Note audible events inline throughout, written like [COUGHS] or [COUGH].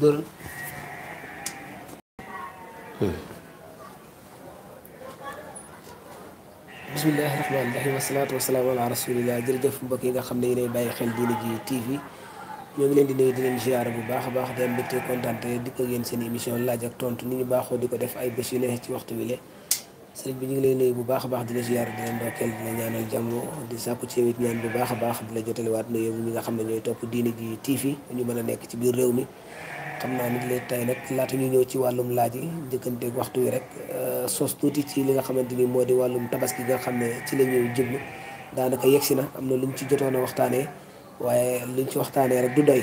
dóoral bismillahi rahmaani rahim wasalaatu wasalaamu ala rasulillah jërëjëf mbokk yi nga xam ne ñu yéenay bàyyi xel diine ji TV ñoo ngi leen di nuyu di bu baax baax di am mbégte kontante di ko yéen seen émission laaj ak tontu ni ñu baaxoo di ko def ay bés yu ne ci waxtu bi le sëriñ bi ñu ngi leen nuyu bu baax a baax di la ziare di leen ndokkeel di la jàmm di sàkku ci it ñaan bu baax a baax di la jotaliwaat nuyoo ñi nga xam ne ñooy topp diine ji TV ñu mën a nekk ci biir réew mi xam naa ni léegi tey nag laata ñu ñëw ci wàllum laaj yi njëkkanteeg waxtu wi rek euh, soos tuuti ci li nga xamante ni moo di wàllum tabaski nga xam ne ci la ñuy daanaka yegsi na am na luñ ci jotoon a waxtaanee waaye luñ ci waxtaanee rek du doy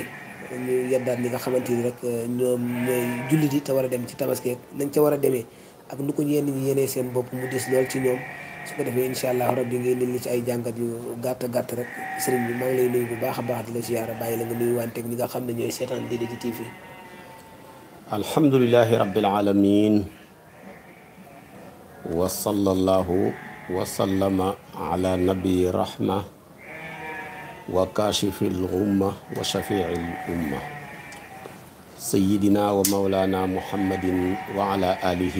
ñu yeddaat ñi nga xamante ni rek euh, ñoom ñooy jullit yi te war a dem ci tabaski ak nañ ca war a demee ak nu ko ñenn ñi yéenee seen bopp mu dis lool ci ñoom su ko defee incha allah rabbi ngay nit ñi ci ay jàngat yu gàtt gàtt rek sëriñ bi maa ngi lay nuyu baax baax di la ziyaara bàyyi la nga nuyu wanteeg ñi nga xam ne ñooy seetaan Lida ci TV. الحمد لله رب العالمين وصلى الله وسلم على نبي رحمة وكاشف الغمة وشفيع الأمة سيدنا ومولانا محمد وعلى آله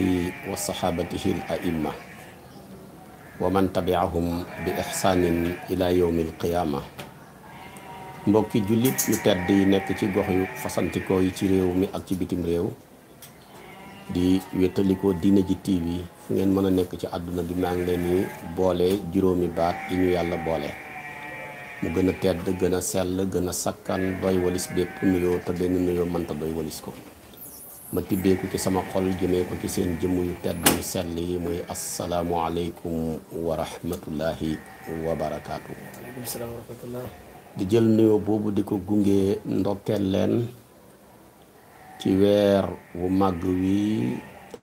وصحابته الأئمة ومن تبعهم بإحسان إلى يوم القيامة mbokki jullit yu tedd yi nekk ci gox yu fasantikoo yi ci réew mi ak ci bitim réew di wétalikoo diine ji tv fu ngeen mën a nekk ci àdduna bi maa ngi leen di boole juróomi baat yi ñu yàlla boole mu gën a tedd gën a sell gën a sakkan doy walis bépp nuyoo te benn nuyoo manta doy walis ko ma tibbeeku ci sama xol jëmee ko ci seen jëmm yu tedd yu sell yi muy asalaamualeykum wa rahmatullahi wa di jël nuyo boobu di ko gunge ndokkeel leen ci weer wu mag wi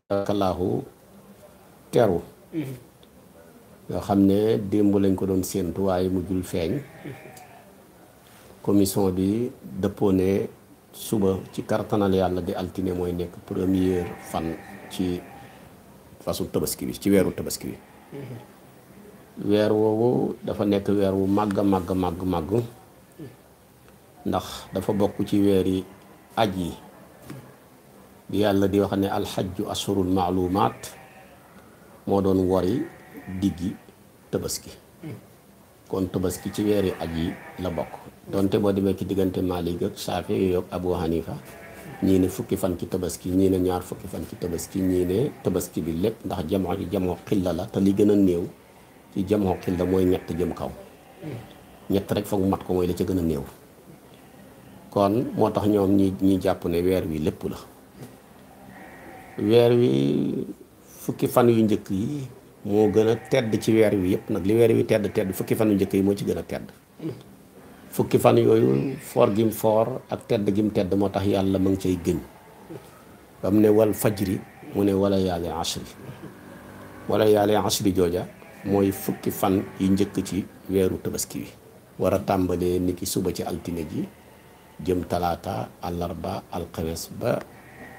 takalaahu teru nga mm-hmm. xam ne démb lañ ko doon séentu waaye jul feeñ mm-hmm. commission bi dëppoo ne suba ci kartanal yàlla di altine mooy nekk première fan ci façon tabaski bi ci weeru tabaski bi mm-hmm. weer woowu dafa nekk weer wu màgg màgg màgg màgg ndax dafa bokk ci weeri aj yi bi yàlla di wax ne alxajju assurul maalumaat moo doon wori diggi tabaski kon tabaski ci weeri aj yi la bokk donte boo demee ci diggante Maalik ak Saafi yooyu ak Abu Hanifa ñii ne fukki fan ci tabaski ñii ne ñaar fukki fan ci tabaski ñii ne tabaski bi lépp ndax jamoo jamoo xilla la te li gën a néew ci jamoo xilla mooy ñett jëm kaw hmm. ñett rek foog mat ko mooy la ca gën a néew kon mo tax ñoom ñi ñi japp ne wër wi lepp la wër wi fukki fan yu ñëk yi moo gëna tedd ci wër wi yëpp nak li wër wi tedd tedd fukki fan yu ñëk yi moo ci gëna tedd fukki fan yoyu for gim for ak tedd gim tedd mo tax yàlla ma ngi gëñ bam ne wal fajri mu ne wala yaale asri wala yaale asri jooja moy fukki fan yu ñëk ci wëru tabaski wi wara tambalé niki suba ci altiné ji jëm talata alarba, alxames ba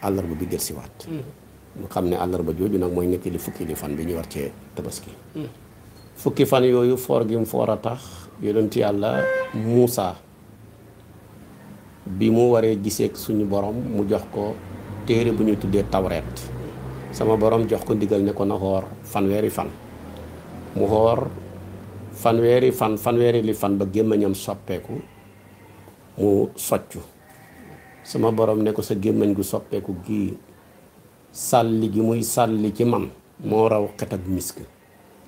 alarba bi gersi wat ñu hmm. ne alarba jooju nag nekk li fukki li fan bi ñu war ci tabaski hmm. fukki fan yoyu for gi mu fora tax yonent yalla musa bi mu gisé ak suñu borom mu jox ko téré bu ñu tuddé tawret sama borom jox ko ndigal ne ko na fan wéri fan mu fanweri wéri fan wéri li fan ba gémmañam soppeku mu soccu sama borom ne ko sa gémmañ gu soppeeku gi salli gi muy salli ci man mo raw xet ak misk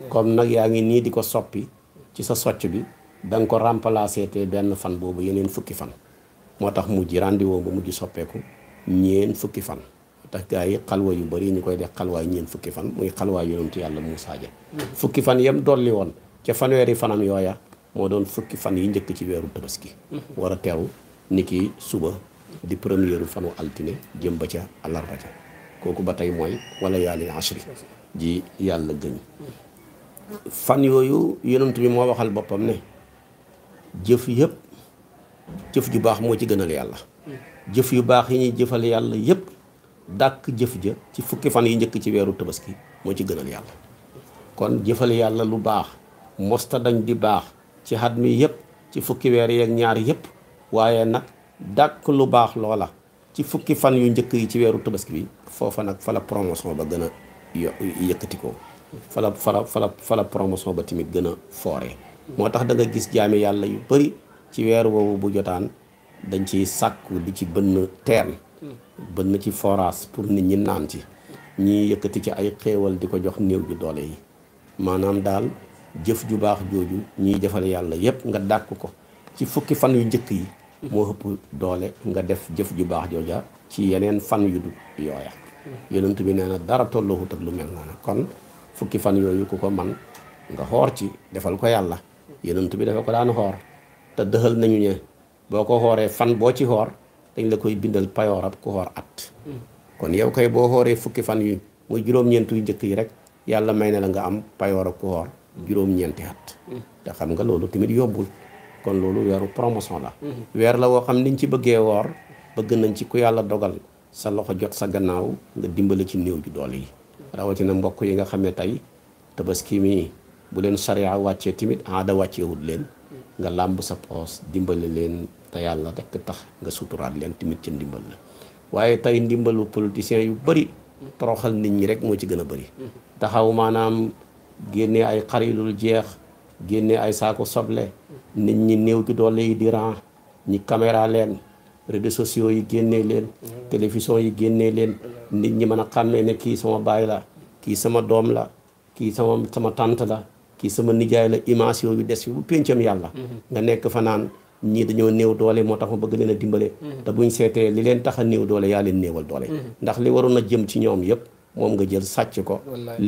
comme nak yaangi ni diko soppi ci sa soccu bi dang ko remplacer te ben fan bobu yeneen fukki fan mu tax mujj bu vous ba mujj soppeeku ñeen fukki fan tax gaa xalwa yu bari ni koy def xalwa ñeen fukki fan muy xalwa yonent yalla musa ja mm-hmm. fukki fan yem dolli won ci fanweri fanam yoya moo doon fukki fan yi njëkk ci weeru tabaski war a teew ni ki suba di première fanu altine jëm ba ca àllarba ca kooku ba tey mooy wala yaali ashri ji yàlla gëñ fan yooyu yonent bi moo waxal boppam ne jëf yëpp jëf ju baax moo ci gënal yàlla jëf yu baax yi ñuy jëfal yàlla yëpp dàq jëf ja ci fukki fan yi njëkk ci weeru tabaski moo ci gënal yàlla kon jëfal yàlla lu baax mosta dañ di baax ci xat mi yépp ci fukki weer ak ñaar yépp waaye nag dàkk lu baax loola ci fukki fan yu njëkk yi ci weeru tabaski bi foofa nag fa la promotion ba gën a ko fa la fa la fa la fa la promotion ba timit gën a foore moo tax da nga gis jaami yàlla yu bari ci weer woowu bu jotaan dañ ciy sàkku di ci bënn teen bënn ci forage pour nit ñi naan ci ñii yëkkati ci ay xéewal di ko jox néew bi doole yi maanaam daal jëf ju baax joju ñi defal yalla yépp nga dakk ko ci fukki fan yu jëk yi mo hëpp doole nga def jëf ju baax joja ci yeneen fan yu du yoya yonent bi neena na dara tollu tak lu mel nana kon fukki fan yooyu ku ko man nga xor ci defal ko yalla yonent bi dafa ko daan xor te dehal nañu ñe boko ko fan bo ci xor dañ la koy bindal ku xor at kon yow kay bo xooree fukki fan yu muy juroom ñeent yu njëkk yi rek yalla may na la nga am payoorab ku xor juroom ñeenti at da xam nga lolu timit yobul kon lolu weeru promotion la weer la wo xam niñ ci bëggee wor bëgg nañ ci ku yalla dogal sa loxo jot sa gannaaw nga dimbalé ci néew ju doole yi na mbokk yi nga xamé tay tabaski mi bu leen sariya wàccee ada aada wul len nga lamb sa pos dimbalé len ta yalla tek tax nga suturaat len timit ci dimbal la waye tay dimbalu politiciens yu bari toroxal nit ñi rek mo ci gëna bari taxaw génne ay xar yu jeex génnee ay saako soble nit ñi néew gi doole yi di ran ñi caméra leen réseaux sociaux yi génnee leen télévision yi génnee leen nit ñi mën a xàmmee ne kii sama baay la kii sama doom la kii sama sama tante la kii sama nijaay la image yooyu des fi bu péncam yàlla nga nekk fanaan naan ñii dañoo néew doole moo tax ma bëgg leen a dimbale te buñ seetee li leen tax a néew doole yaa leen néewal doole ndax li waroon na jëm ci ñoom yëpp moom nga jël sàcc ko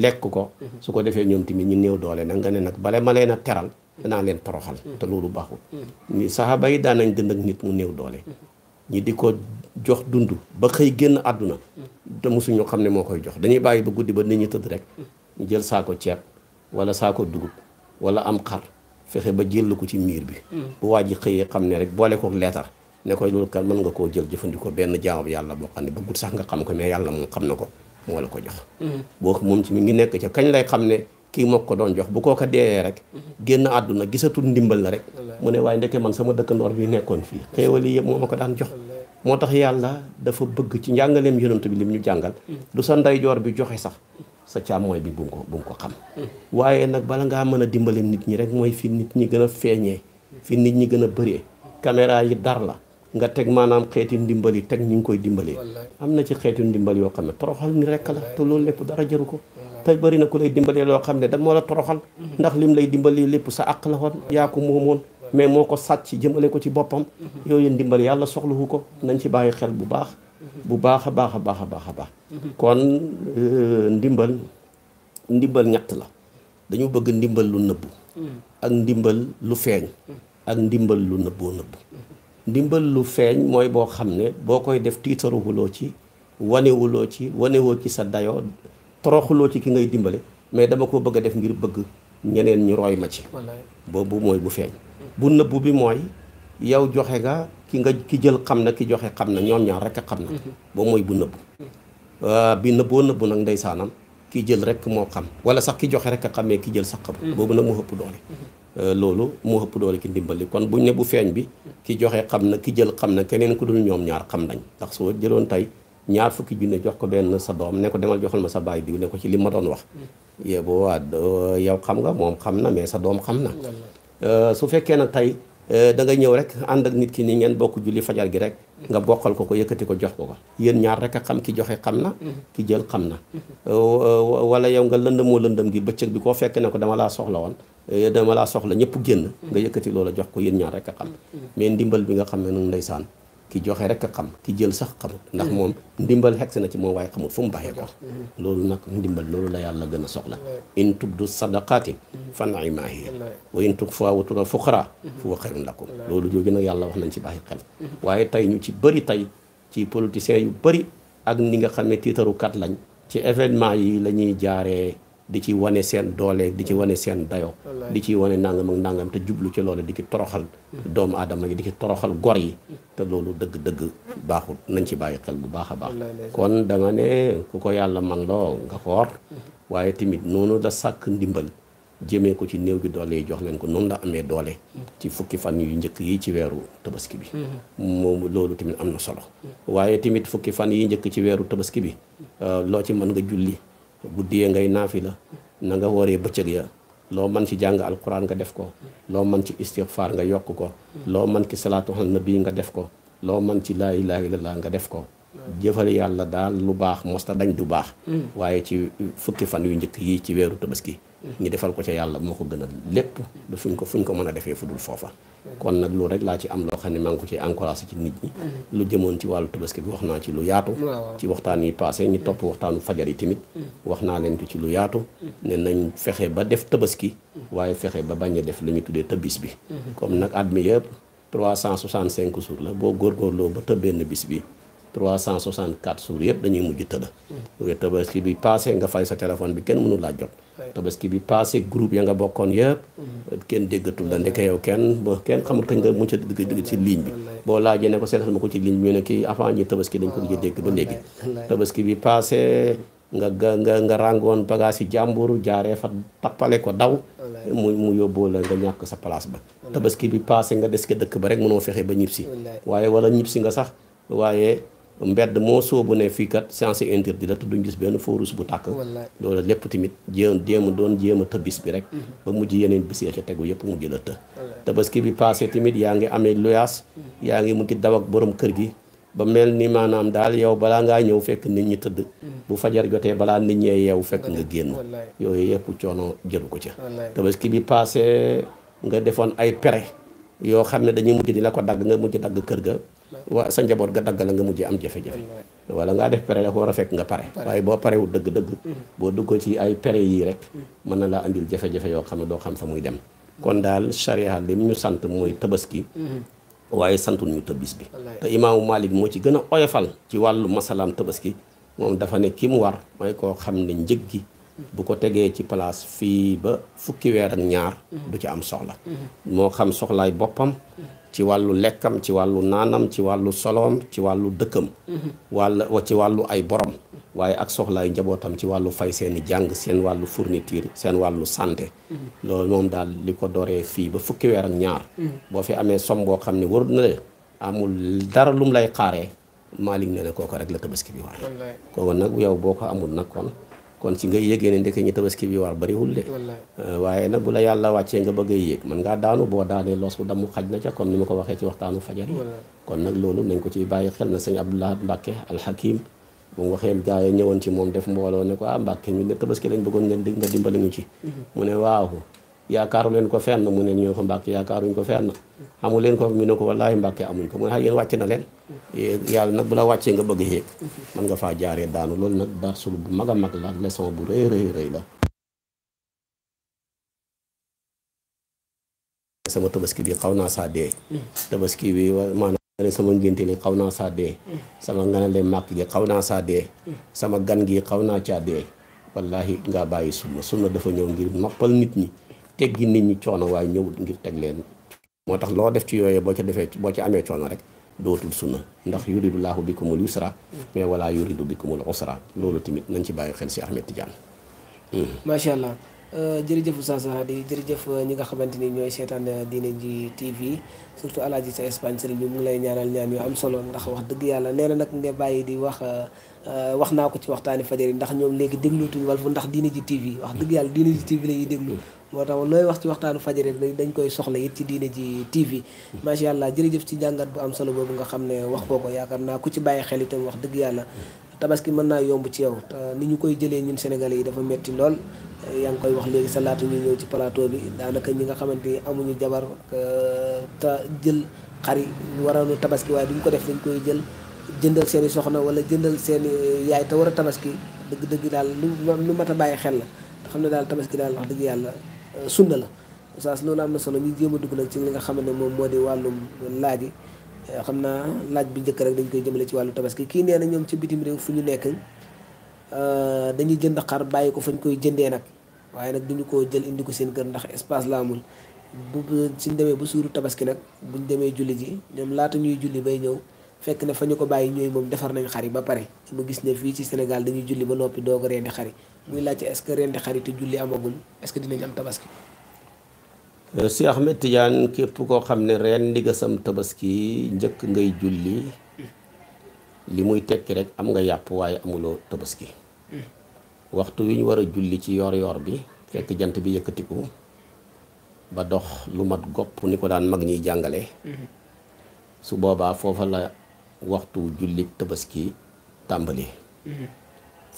lekk ko mhm. su ko defee ñoom tamit ñu néew doole nag nga ne nag bale ma leen a teral mhm. naa leen toroxal mhm. te loolu baaxul ni saxaaba yi daan nañ dënd ak nit mu néew doole ñi di ko jox dund ba xëy génn àdduna te mosuñu xam ne moo koy jox dañuy bàyyi ba guddi ba nit ñi tëdd rek ñu jël saako ceeb wala saako dugub wala am xar fexe ba jël ko ci miir bi bu waa ji xëyee xam ne rek boole kook leetar ne koy loolu kan mën nga koo jël jëfandikoo benn jaamab yàlla boo xam ne bëggul sax nga xam ko mais yàlla moom xam na ko wala ko jox mm-hmm. boo mom ci mi ngi nek ci kagn lay xamne ki kii moo ko doon jox bu koo ko deeyee rek mm-hmm. genn aduna gisatul ndimbal la rek mune ne ndeke man sama ndor bi nekkon fi xewali yeb momako dan jox motax yalla dafa bëgg ci njàngaleem yonent bi lim ñu jàngal mm-hmm. du sa jor bi joxe sax sa moy bi bu ko bu ko xam waye nak bala nga meuna a nit ñi rek moy fi nit ñi gëna feñé fi nit ñi gëna bëré caméra yi dar la nga teg maanaam xeeti ndimbal yi teg ñu ngi koy dimbalee am na ci xeeti ndimbal yoo xam ne toroxal ni rekk la te loolu lépp dara jaru ko te bëri na ku lay dimbalee loo xam ne da moo la toroxal mhm. ndax lim lay dimbalee lépp sa àq la woon yaa ko moomoon mais moo ko sàcc jëmale ko ci boppam mhm. yooyu ndimbal yàlla soxlawu ko mhm. nañ ci bàyyi xel bu baax bu baax a baax a baax a baax a baax kon euh, ndimbal ndimbal ñett la dañu bëgg ndimbal lu nëbbu ak ndimbal lu feeñ ndimbal lu nëbboo ndimbal lu feeñ mooy boo xam ne boo koy def tiitaruwuloo ci wanewuloo ci wanewoo ci sa dayoo toroxuloo ci ki ngay dimbale mais dama ko bëgg a def ngir bëgg ñeneen ñu roy ma ci boobu mooy bu feeñ bu nëbbu bi mooy yow joxe nga ki nga ki jël xam na ki joxe xam na ñoom ñaar rek a xam na mm-hmm. boobu mooy bu nëbbu mm-hmm. euh, bi nëbboo nëbbu nag ndeysaanam ki jël rek moo xam wala sax ki joxe rek a xamee ki jël sax xam mm-hmm. boobu nag moo ëpp doole Euh, loolu moo ëpp doole ki ndimbali kon buñ ne bu feeñ bi ki joxe xam na ki jël xam na keneen ku dul ñoom ñaar xam nañ ndax soo jëloon tey ñaar fukki junne jox ko benn sa doom ne ko demal joxal ma sa baay diw ne ko ci li ma doon wax mm. yee boobaa yow xam nga moom xam na mais sa doom xam na mm. euh, su fekkee na tey Euh, da ngay ñëw rek ànd ak nit ki nii ngeen bokk julli fajar gi rek nga bokkal ko ko yëkkati ko jox ko ko yéen ñaar rek a xam ki joxe xam na ki jël xam na euh, wala yaw nga lëndëmoo lëndëm gi bëccëg bi koo fekk ne ko dama laa soxla woon euh, dama laa soxla ñëpp génn nga yëkkati loola jox ko yéen ñaar rek a xam mm-hmm. mais ndimbal bi nga xam ne nag ndeysaan ki joxe rek a xam ki jël sax xamut ndax mm-hmm. moom ndimbal xegg si na ci moom waaye xamut fu mu baxee ko mm-hmm. loolu nag ndimbal loolu la yàlla gën a soxla mm-hmm. in tubdu sadaqaati fa nimaa hiya wa in tuxfuuhaa wa tu'tuuha l-fuqaraa fa huwa xayrun lakum loolu jooju nag yàlla wax nañ ci bàyyi xel waaye tey ñu ci bëri tey ci politiciens yu bëri ak ni nga xam ne tiitarukat lañ ci événement yi la ñuy jaaree di ci wane seen doole di ci wane seen dayo di ci wane nangam ak nangam te jublu ci loolu di ci toroxal doomu aadama yi di ci toroxal gor yi te loolu dëgg-dëgg baaxul nañ ci bàyyi xel bu baax a baax kon danga ne ku ko yàlla man loo nga xoor waaye tamit noonu la sàkk ndimbal jëmee ko ci néew gi doole yi jox leen ko noonu la amee doole ci fukki fan yu njëkk yi ci weeru tabaski bi moom loolu tamit am na solo mm-hmm. waaye tamit fukki fan yi njëkk ci weeru tabaski bi euh, loo ci mën nga julli guddi yee ngay naafila na nga wooree bëccëg ya loo man ci jàng alquran nga def ko loo man ci istighfar nga yokk ko loo man ci salaatu ala nabi nga def ko loo man ci laa ilaaha illallah nga def ko jëfal yàlla daal lu baax mosta dañ du baax mm. waaye ci fukki fan yu njëkk yi ci weeru tabaski ñu defal ko ca yàlla moo ko gën a lépp du fuñ ko fuñ ko mën a defee fu dul foofa kon nag loolu rek laa ci am loo xam ne maa ngi ko ciy encouragé ci nit ñi mm-hmm. lu jëmoon ci wàllu tabaski bi wax naa ci lu yaatu ci waxtaan yi passé ñu topp waxtaanu fajar yi tamit mm-hmm. wax naa leen ko ci lu yaatu ne nañ fexe ba def tabaski mm-hmm. waaye fexe ba bañ a def lu ñu tuddee tëbis bi comme nag at mi yëpp 365 jours la boo góorgóorloo ba tëb benn bis bi 364 jours yëpp dañuy mujj tëdd tabaski bi passé nga fay sa téléphone bi kenn mënu laa jot tabaski hmm. bi passé groupe ya nga bokone yeb ken deggatul da ndeke yow ken bo ken xamul kañ nga ci deug deug ci ligne bi bo laaje ne ko seetal ma ko ci ligne bi ne ki avant ñi tabaski dañ ko deg dégg ba léegi tabaski bi passé nga nga nga rangone bagage jamburu jàmbur fa ko daw mu mu yobbo la nga ñak sa place ba tabaski bi passé nga deske deuk ba rek mëno fexé ba ñipsi waye wala ñipsi nga sax waye mbedd moo bu ne fii kat science interdit la te duñ gis benn forus bu tàkk loolu lépp tamit jéem jéem doon jéem a bis bi rek mhm. ba mujj yeneen bis ya ca tegu yëpp mujj la të tabaski bi passé tamit yaa ngi amee luyaas mhm. yaa ngi mujj daw ak borom kër gi ba mel ni maanaam daal yow balaa ngaa ñëw fekk nit ñi tëdd mhm. bu fajar jotee balaa nit ñee yow fekk nga génn yooyu yëpp coono jëru ko ca tabaski bi passé nga defoon ay pere yoo xam ne dañuy mujj di la ko dagg nga mujj dagg kër ga wa sa njabot ga dagal nga mujjé am jafe-jafe wala nga def pere pare. war a nga pare waaye wu deug deug bo boo mm-hmm. duggoo ci ay pare yi rek man na la andil jafe-jafe yo xam do xam fa muy dem kon dal sharia lim ñu sante moy tabaski mm-hmm. waye santul ñu tabis bi te imam Malik mo ci gëna oyofal ci walu masalam tabaski mom dafa ne ki war mooy ko xam ne mm-hmm. bu ko tege ci place fi ba fukki wer ak ñaar du ci am soxla mo xam soxlaay bopam ci wàllu lekkam ci wàllu naanam ci wàllu soloom ci wàllu dëkkam mm-hmm. wàll ci wàllu ay borom waaye ak soxlaay njabootam ci wàllu fay seeni jàng seen wàllu fourniture seen wàllu sante mm-hmm. loolu moom daal li ko dooree fii ba fukki weer ak ñaar mm-hmm. boo fi amee som boo xam ne warut na leen amul dara lum lay xaaree Malick ne ne kooko rek la tabaski bi war kooku nag yow boo ko amul nag kon kon ci ngay yëgee ne ndeke ñu tabaski bi war bariwul de euh, waaye nag bu la yàlla wàccee nga bëgg a yéeg mën ngaa daanu boo daanee loos bu damm xaj na ca comme ni ma ko waxee ci waxtaanu fajar yi kon nag loolu nañ ko ciy bàyyi xel na sëñ Abdoulaye Mbacke alhakim bu mu waxee gaa yi ñëwoon ci moom def mbooloo ne ko ah Mbacke ñu ne tabaski lañ bëggoon nga dimbali ñu ci mm-hmm. mu ne waaw yaakaaru leen ko na mu ne ñoo ko Mbàkke yaakaaruñ ko fenn amul leen ko mu ne ko wallaahi Mbàkke amuñ ko mu ne yéen wàcc na leen yàlla nag bu la wàccee nga bëgg yéeg man nga faa jaaree daanu loolu nag darsul bu mag a mag la ak bu rëy rëy rëy la tabaski bi xaw naa saa dee tabaski bi maanaam sama ngénte li xaw naa saa dee sama nganale màkk gi xaw naa saa dee sama gan gi xaw naa caa dee wallaahi nga bàyyi sunna sunna dafa ñëw ngir noppal nit ñi teggi nit ñi coono waaye ñëwut ngir teg leen moo tax loo def ci yooyee boo ca defee boo ci amee coono rek dootul sunna ndax yuridullaahu bikumul yusra mais wala yuridu bikumul usra loolu tamit nañ ci bàyyi xel si Ahmed Tidiane hmm. macha allah euh, jërëjëf Oustaz Hady jërëjëf ñi nga xamante ni ñooy seetaan diine ji TV surtout alaaji sa Espagne sëriñ bi mu ngi lay ñaanal ñaan yu am solo ndax wax dëgg yàlla nee na nag nga bàyyi di wax euh, wax naa ko ci waxtaani fajar yi ndax ñoom léegi déglutuñu Walf ndax diine ji TV wax dëgg yàlla diine ji TV la ñuy déglu moo tax looy wax ci waxtaanu fajar bi dañ koy soxla it ci diine ji TV macha allah jërëjëf ci jàngat bu am solo boobu nga xam ne wax koo ko yaakaar naa ku ci bàyyi xel itam wax dëgg yàlla tabaski mën naa yomb ci yow ni ñu koy jëlee ñun sénégalais yi dafa metti lool yaa ngi koy wax léegi sa laata ci plateau bi daanaka ñi nga xamante ni amuñu jabar euh, te jël xari waranu tabaski waaye duñ ko def dañ koy jël jëndal seen i soxna wala jëndal seen yaay te war a tabaski dëgg-dëgg daal lu lu mat a bàyyi xel la xam ne daal tabaski daal wax dëgg yàlla Euh, sunna la oustaz loolu am na solo ñu jéem a dugg nag ci li nga xam ne moom moo di wàllum laaj yi euh, xam naa laaj bi njëkk rek dañ koy jëmale ci wàllu tabaski kii nee na ñoom ci bitim réew fu ñu nekk euh, dañuy jënd xar bàyyi ko fañ koy jëndee nag waaye nag duñu ko jël indi ko seen kër ndax espace la amul bu suñ demee bu suuru tabaski nag buñ demee julli ji ñoom laata ñuy julli bay ñëw fekk ne fa ñu ko bàyyi ñooy moom defar nañu xar yi ba pare mu gis ne fii ci Sénégal dañuy julli ba noppi doo a reeni xari muy laajte est ce que ren di julli amagul est ce que dinañ am tabaski. si euh, Ahmed Tidiane kep ko xamne ne ga sam tabaski njëkk ngay julli li muy tek rek am nga yap way amulo tabaski. waxtu wiñ wara julli ci yor-yor bi fekk jant bi yëkkatiku ba dox lu mat gop ni ko daan mag ñuy jàngale. su boobaa foofa la waxtu julli tabaski tàmbali.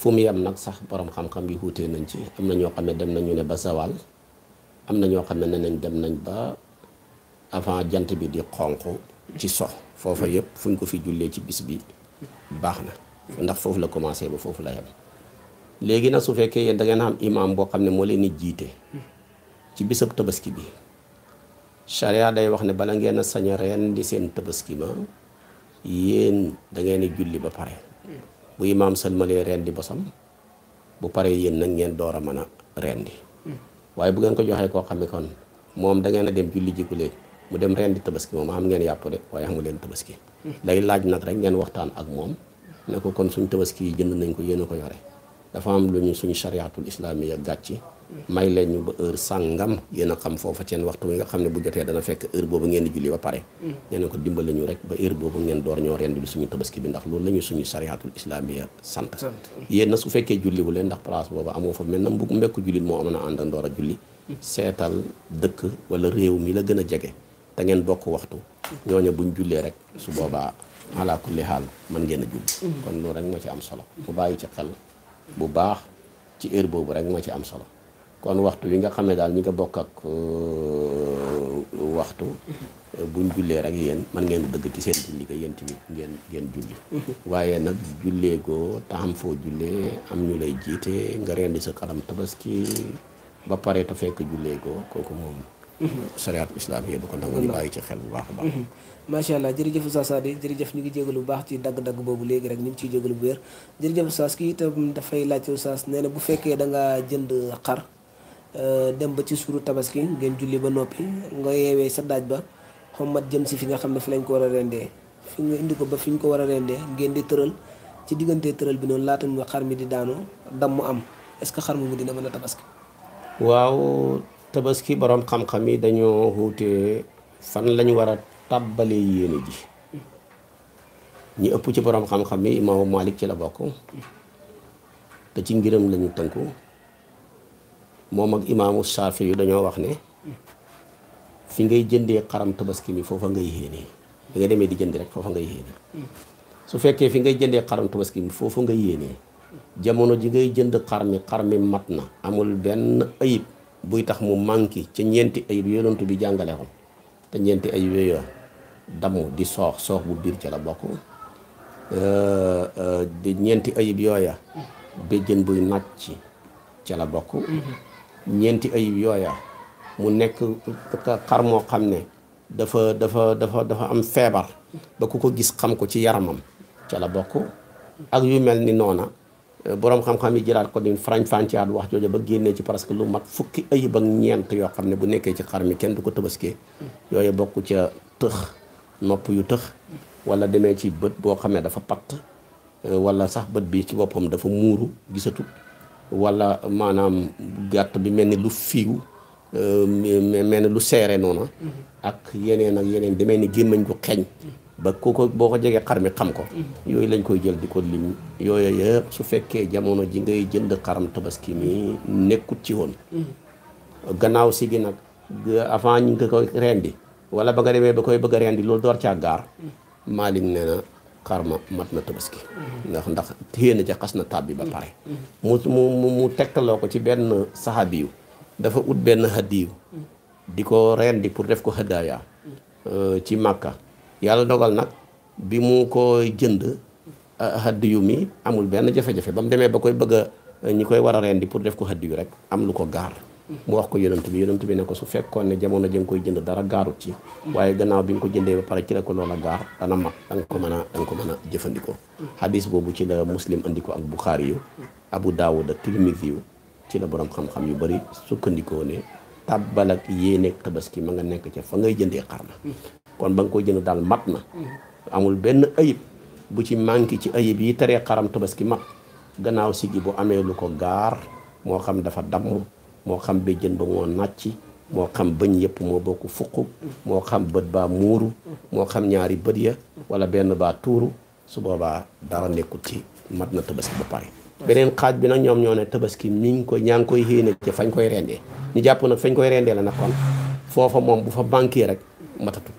Fumiya am nak sax borom xam-xam bi wuutee nañ ci am na ñoo xam dem nañu ne ba sawal am na ñoo xam nañ dem nañ ba avant jant bi di xonq ci so foofa yëpp fuñ ko fi jullee ci bis bi baxna ndax fofu la commencé ba fofu la yem léegi na su fekkee yeen da ngeen am imam bo mo leni jité ci bisab tabaski bi sharia day wax ne bala ngeen sañ di seen tabaski ma yeen da ngeen julli ba pare bu imaam sëlmalee rendi bosam bu paree yéen nag ngeen door a mën a rendi waaye bu ngeen ko joxee koo xam ne kon moom da ngeen a dem julli ji ku mu dem rendi tabaski moom xam ngeen yàpp de waaye xamu leen tabaski lay hmm. laaj nag rek ngeen waxtaan ak moom ne ko kon suñ tabaski yi jënd nañ ko yéen a ko yore dafa am luñu suñu chariatul islamiya gatchi may leen ñu ba heure sangam yéen xam fofu ci en waxtu nga xamne bu jotté dana fekk heure bobu ngeen di julli ba paré mm. ñene ko dimbale ñu rek ba heure bobu ngeen door ñoo rendi suñu tabaski bi ndax loolu lañu suñu chariatul islamiya sant yéen na su fekké julli wu leen ndax place bobu amoo fa mel na mbug mbekk julli mo amana na ànd waktu. julli sétal dekk wala réew mi la gëna jégé da bokk waxtu ñoña buñ rek su boba ala kulli hal man ngeen a julli mm. kon lo rek ci am solo bu bayyi ci xel bu baax ci heure boobu rek moo ci am solo kon waxtu wi nga xam ne daal ñi nga bokk ak euh, waxtu buñ jullee rek yéen man ngeen dëgg ci seen julli ko yéen tamit ngeen ngeen julli waaye nag jullee goo te foo jullee am ñu lay jiite nga rendi sa kalam tabaski ba pare te fekk jullee goo kooku moom mhm. sariyaat islaam yi du ko nangu ñu bàyyi ci xel bu baax a baax mhm. macha allah jërëjëf Oustaz Sadi jërëjëf ñu ngi jégalu bu baax ci dagg-dagg boobu léegi rek ñu ngi ciy jégalu bu wér jërëjëf Oustaz kii itam dafay laajte Oustaz nee na bu fekkee da nga jënd xar euh, dem ba ci suuru tabaski ngeen julli ba noppi nga yeewee sa daaj ba xommat jëm si fi nga xam ne fi lañ ko war a rendee fi nga indi ko ba fi ñu ko war a rendee ngeen di tëral ci diggante tëral bi noonu laata nga xar mi di daanu dam am est-ce que xar mu dina mën a tabaski. waaw tabaski borom xam yi dañoo wuute fan lañu war a tàbbalee yéene ji ñi ëpp ci borom xam-xam yi imam Malik ci la bokk te ci ngirëm lañu tënku mom ak imam Saafi yu dañoo wax ne fi ngay jëndé xaram tabaski mi foofa ngay yéene da nga démé di jënd rek foofa ngay yéene su fekkee fi ngay jëndé xaram tabaski mi foofa ngay yéene jamono ji ngay jënd xarmi xarmi matna amul ben ayib buy tax mu manki ci ñenti ayib yonent bi jàngale ko te ñenti ayib yooyu damu di soox soox bu biir ca la bokk di euh, euh, ñeenti ayib yooya béjjën buy nàcc ca la bokk ñeenti ayib yooya mu nekk xar moo xam ne dafa dafa dafa dafa am feebar ba ku ko gis xam ko ci yaramam ca la bokk ak yu mel ni noona euh, boroom xam-xam yi jëlaat ko ni farañ at wax jooju ba génnee ci parce que lu mat fukki ayib ak ñeent yoo xam ne bu nekkee ci xar mi kenn du ko tëbaskee yooyu bokk ca tëx nopp yu tëx wala demee ci bët boo xam ne dafa patt euh, wala sax bët bi ci boppam dafa muuru gisatu wala maanaam gàtt bi mel ni lu fiiw euh, mel ni lu seere noonu mhm. ak yeneen ak yeneen demee ni gémmañ gu xeeñ mhm. ba ku ko boo ko jegee xar mi xam ko mhm. yooyu lañ koy jël di ko lim yooyu yëpp su fekkee jamono ji ngay jënd xaram tabaski mi nekkut ci woon gannaaw si gi euh, avant ñu nga koy rendi wala bëgg rewé bakoy bëgg a di lool door ci gaar malik néna na mat na tabaski ndax ndax téena na xasna tabbi ba paré mu mu mu tekkalo ko ci benn saxaabiyu dafa ut ben hadiyu di ko rendi pour def ko hadaya euh ci makka yalla dogal nak bi mu koy jënd hadiyu mi amul ben jafe-jafe bam démé bakoy bëgg ñi koy wara rendi pour def ko hadiyu rek am lu ko gaar mu wax ko yonent bi yonent bi ne ko su fekkoon ne jamono jënga koy jënd dara gaarut ci waaye gannaaw bi nga ko jëndee ba pare ci la ko loola gaar dana mag da ko mën a da nga ko a jëfandikoo hadis boobu ci la muslim andi ko ak buxaari yu abu daawud ak tirmisi yu ci la boroom xam-xam yu bëri sukkandikoo ne tàbbal ak yéene tabaski ma nga nekk ca fa ngay jëndee xar ma kon ba nga koy jënd daal mat na amul benn ayib bu ci manqué ci ayib yi teree xaram tabaski mat gannaaw sigi bu amee lu ko gaar moo xam dafa damm moo xam béjjën ba moo nàcci moo xam bëñ yëpp moo bokk fuq moo xam bët baa muuru moo xam ñaari bët ya wala benn baa tuuru su boobaa dara nekkut ci mat na tabaski ba pare beneen xaaj bi nag ñoom ñoo ne tabaski mi ko ñaa ngi koy xéene ci fañ koy rendee ñu jàpp nag fañ koy rendee la nag kon foofa moom bu fa banqué rek matatut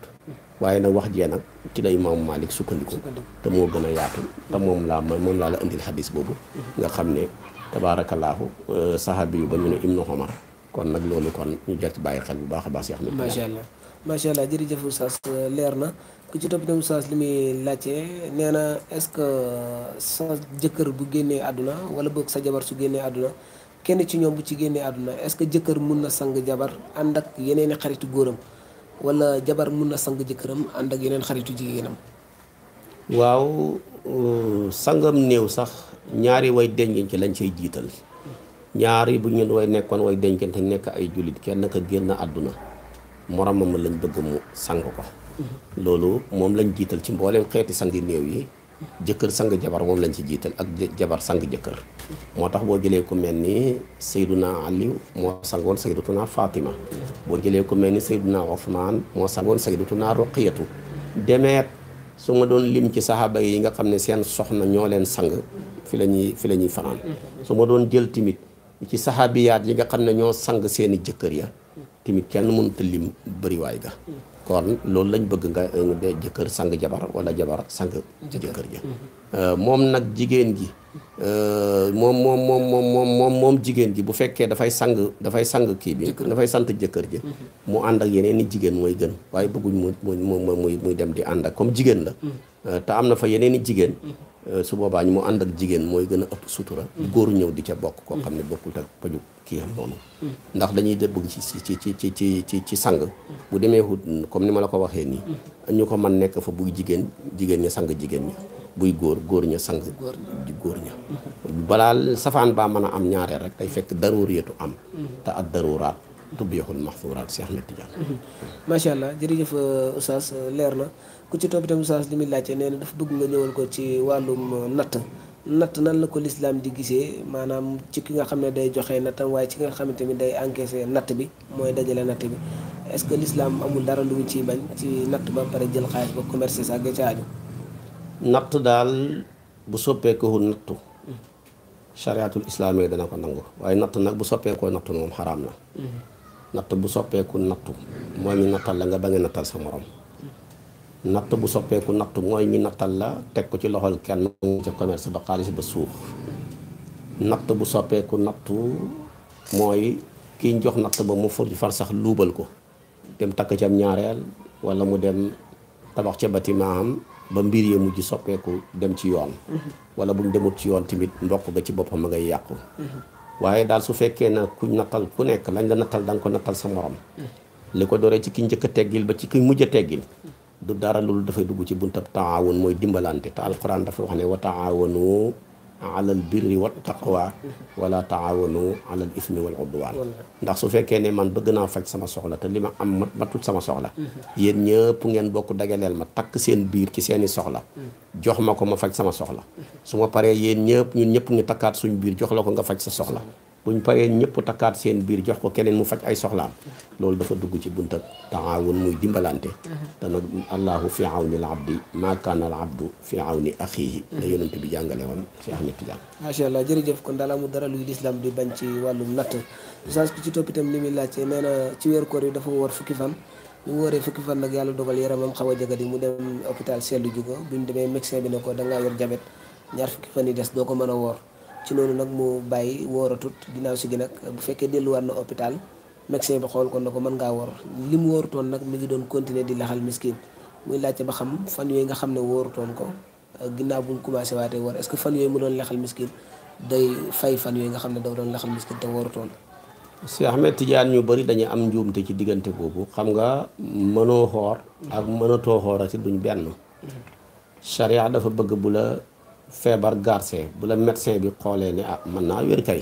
waaye nag wax jee nag ci lay imaam Malik sukkandiku te moo gën a yaatu te moom laa moom laa la indil xadis boobu nga xam ne tabaarakallaahu euh, saxaabi yu ba ñu ne ibnu Omar kon nag loolu kon ñu jar ci bàyyi xel bu baax a baax si Ahmed. macha allah macha allah jërëjëf Oustaz leer na ku ci topp dem Oustaz li muy laajte nee na est-ce que sa jëkkër bu génnee àdduna wala boog sa jabar su génnee àdduna kenn ci ñoom bu ci génnee àdduna est-ce que jëkkër mun na sang jabar ànd ak yeneen i xaritu góoram wala jabar mun na sang jëkkëram ànd ak yeneen xaritu jigéenam. waaw Mm, sangam néew sax ñaari way dencante lañ cay jiital ñaari bu ngeen way nekkoon way dencante nekk ay jullit kenn ka génn àdduna moromam lañ bëgg mu sang ko loolu moom lañ jiital ci mbooleem xeeti sangi néew yi jëkkër sang jabar moom lañ ci jiital ak jabar sang jëkkër moo tax boo jëlee ku mel ni naa ali moo sangoon saydatuna fatima boo jëlee ko mel ni sayduna othman moo sangoon saydatuna ruqiyatu demeet su don lim ci sahaba yi nga xamne ne seen soxna ño len sang fi la fi la ñuy fanaan su ma jël timit ci sahabiyat yi nga xamne ño sang ya timit kenn mënut lim way ga kon loolu lañ bëgg nga de sang jabar wala jabar sang jëkkër ya. Euh, moom nag jigéen ji euh, moom moom moom moom moom jigéen ji bu fekkee dafay sang dafay sang kii bi dafay sant jëkkër ji mhm. mu ànd ak yeneen i jigéen mooy gën waaye bëgguñ mu mu muy muy dem di ànd ak comme jigéen la mhm. euh, te am na fa yeneen i jigéen mhm. Eh, su boba ñu mo and ak jigen moy gëna ëpp sutura mm. goor ñew di ca bok ko mm. xamne ne tak ak paju kii am noonu mm. ndax dañuy de bëgg ci ci ci ci ci ci ci sang bu demee hut comme ni mala ko waxee ni ñuko man nek fa bu jigen jigen ña sang jigen ña bu goor goor ña sang di goor ña mm-hmm. balal safan ba mëna am ñaare rek day fekk daruriyatu am mm-hmm. ta ad daruraat tubihul mahfurat si Ahmed Tidiane mm-hmm. macha allah jërëjëf euh, oustaz euh, leer na ku ci topp itam saas li muy laajte nee na dafa bëgg nga ñëwal ko ci wàllum uh, natt natt nan la ko lislaam di gisee maanaam ci ki nga xam ne day joxe nattam waaye ki nga xamante ni day encaissé natt bi mooy dajale natt bi est-ce que lislaam amul dara lu mu ciy bañ ci natt ba pare jël xaalis ba commerce sa ga ca aju natt daal bu soppeekoo nattu chariatul islaam yi dana ko nangu waaye natt nag bu soppeekoo nattu moom xaraam na mm-hmm. natt bu soppeeku nattu mooy ñu nattal la nga bañ a nattal natt bu soppeeku natt mooy ñi nattal la teg ko ci loxol kenn ca commerce ba xaalis ba suuf natt bu soppeeku nattu mooy kiñ jox natt ba mu fur far sax luubal ko dem takk ci am ñaareel wala mu dem tabax ca bâtiment am ba mbir ya mujj soppeeku dem ci yoon mm-hmm. wala bu mu demut ci yoon tamit mbokk ga ci boppam a ngay yàqu mm-hmm. waaye daal su fekkee na ku nattal ku nekk lañ la nattal da nga ko nattal sa morom mm-hmm. li ko dooree ci ki njëkk a teggil ba ci ki mujj a teggil du dara loolu dafay dugg ci bunt buntab taawun mooy dimbalante te alquran dafa wax ne wa taawanu alal birri wa taqwa wala taawanu alal ismi wal udwan ndax su fekkee ne man bëgg naa faj sama soxla te li ma am mat matul sama soxla mm-hmm. yéen ñëpp ngeen bokk dajaleel ma takk seen biir ci seeni soxla mm-hmm. jox ma ko ma faj sama soxla mm-hmm. su ma paree yéen ñëpp ñun ñëpp ngi takkaat suñu biir jox la ko nga faj sa soxla buñ paree ñëpp takkaat seen biir jox ko keneen mu faj ay soxlaam loolu dafa dugg ci bunta taawun muy dimbalante te nag allahu fi awni al abdi ma kaana al abdu fi awni axihi la yonent bi a woon si Ahmed Tidiane macha kon daal mu dara luy lislaam di bañ ci wàllum natt sag bi ci topp itam li muy laajte ci weer koor yi dafa woor fukki fan ñu mu waree fukki fan nag yàlla dogal yaramam xaw a jagadi mu dem hôpital seetlu ji ko bi mu demee médecin bi ne ko da ngaa yor jabet ñaar fukki fan yi des doo ko mën a woor ci loolu nag mu bàyyi wooratut ginnaaw si gi nag bu fekkee delluwaat na hôpital médecin bi xool ko na ko mën ngaa woor li mu wóorutoon nag mi ngi doon continuer di laxal miskin muy laajte ba xam fan yooyu nga xam ne wóorutoon ko ginnaaw bu buñ commencé waatee woor est-ce que fan yooyu mu doon laxal miskin day fay fan yooyu nga xam ne daw doon laxal miskin te wóorutoon si Ahmed Tidiane ñu bëri dañu am njuumte ci diggante boobu xam nga mënoo xoor ak mënatoo xoorati duñ benn mm-hmm. febar garse bu la médecin bi xolé ni ah man na wër kay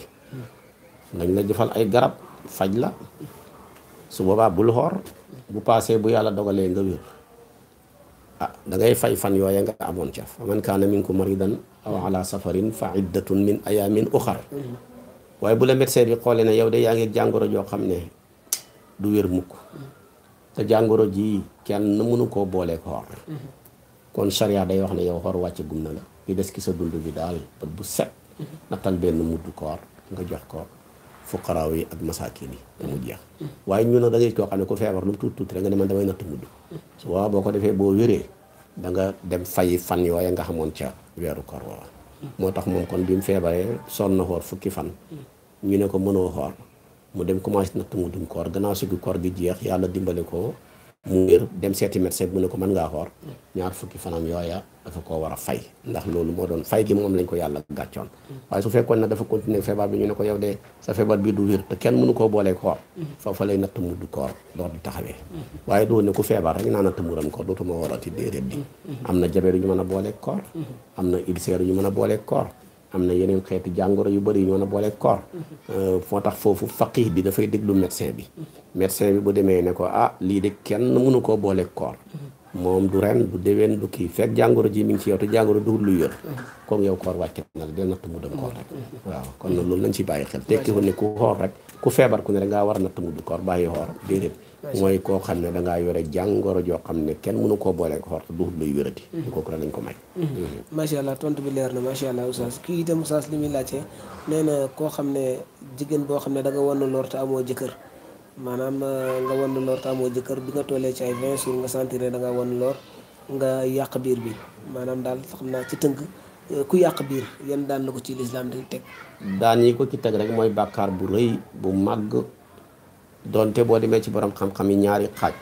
nañ la jëfal ay garab faj la su boobaa bul hor bu passé bu yalla dogalé nga wër ah da ngay fay fan yoy nga amoon ca fa man kaana minkum maridan aw ala safarin fa iddatun min ayamin uxar waaye bu la médecin bi xolé ne yow de yaangi jangoro jo xamné du wër mukk te jangoro ji kenn mënu ko bolé ko kon sharia day wax ne yow hor wacc gumna la ñu des ki sa dund bi daal bët bu set mhm. natal benn mudd koor nga jox ko fuqaraaw yi ak masakin yi mu jeex waaye ñu nag da ngay koo xam ne ku feebar lu mu tuut nga ne man damay natt mudd su boo ko defee boo wéree da nga dem fay fan yooya nga xamoon ca weeru koor wa moo mhm. tax moom kon bi mu feebaree sonn na xoor fukki fan ñu mhm. ne ko mënoo xoor mu dem commencé natt koor gannaaw koor gi jeex yàlla dimbale ko mu wér dem seeti médecin bi mu ne ko mën ngaa xoor ñaar fukki fanam yooya dafa koo war a fay ndax loolu moo doon fay gi moom lañ ko yàlla gàccoon waaye su fekkoon na dafa continuer feebar bi ñu ne ko yow de sa feebar bii du wér te kenn mënu koo boolee koor foofa lay natt mudd koor door di taxawee waaye doo ne ku feebar rek naa natt muram koor dootuma warati déedéet di am na jabeeru ñu mën a boolee koor am na ulcère yu ñu mën a boolee koor am na yeneen xeeti jàngoro yu bari ñoo na boole koor euh, moo tax foofu faqih bi dafay déglu médecin bi médecin bi bu demee ne ko ah lii de kenn mënu koo boole koor moom du ren du déwén du kii fekk jàngoro ji mi ngi ci yow te jàngoro du lu yor comme yow koor wàcce na la del natt mu dem koor rek waaw kon na loolu lañ ci bàyyi xel tekkiwul ne ku xoor rek ku feebar ku ne rek ngaa war a natt mu du koor bàyyi xoor déedéet mooy koo xam ne dangaa yore jàngoro joo xam ne kenn mënu koo boole ko xorte duut luy wérati ñu mhm. kooku lañ ko may mhm. macha allah tontu bi leer na macha allah oustaz kii itam oustaz li muy laajte nee na koo xam ne jigéen boo xam ne danga nga wann lor te amoo jëkkër maanaam euh, nga wann lor te amoo jëkkër bi nga tollee ci ay vingt jours nga sentir ne da nga wann lor nga yàq biir bi maanaam daal xam naa ci tënk euh, ku yàq biir yan daan la ko ci lislaam di teg daan yi ko ci teg rek mooy bàkkaar bu rëy bu màgg donte boo demee ci boroom xam-xam yi ñaari xaaj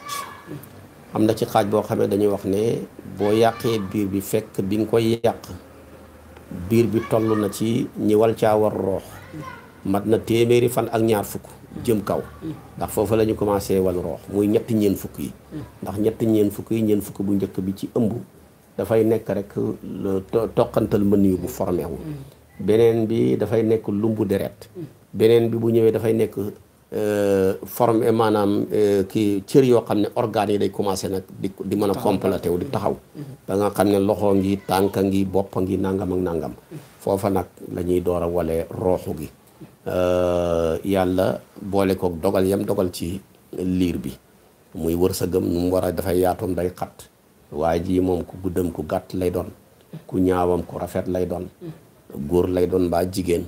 am na ci xaaj boo xamee dañuy wax ne boo yàqee biir bi fekk bi nga koy yàq biir bi toll na ci ñi wal caa war roox mat na téeméeri fan ak ñaar fukk jëm kaw ndax foofu lañu ñu commencé wal roox muy ñett ñeen fukk yi ndax ñetti ñeen fukk yi ñeen fukk bu njëkk bi ci ëmb dafay nekk rek toqantal mën yu bu formé mm. beneen bi dafay nekk lumbu deret mm. beneen bi bu ñëwee dafay nekk Euh, forme maanaam euh, kii cër yoo xam ne organes yi day commencé nag di di mën a complété wu di taxaw mhm. ba nga xam ne loxo ngi tànka ngi boppa ngi nangam ak nangam mhm. foofa nag lañuy door a wole rooxu gi euh, yàlla boole kook dogal yam dogal ci liir bi muy wërsëgam nu mu war a dafay yaatoom day xat waaye jii moom ku guddam ku gàtt lay doon mhm. ku ñaawam ku rafet lay doon góor jigéen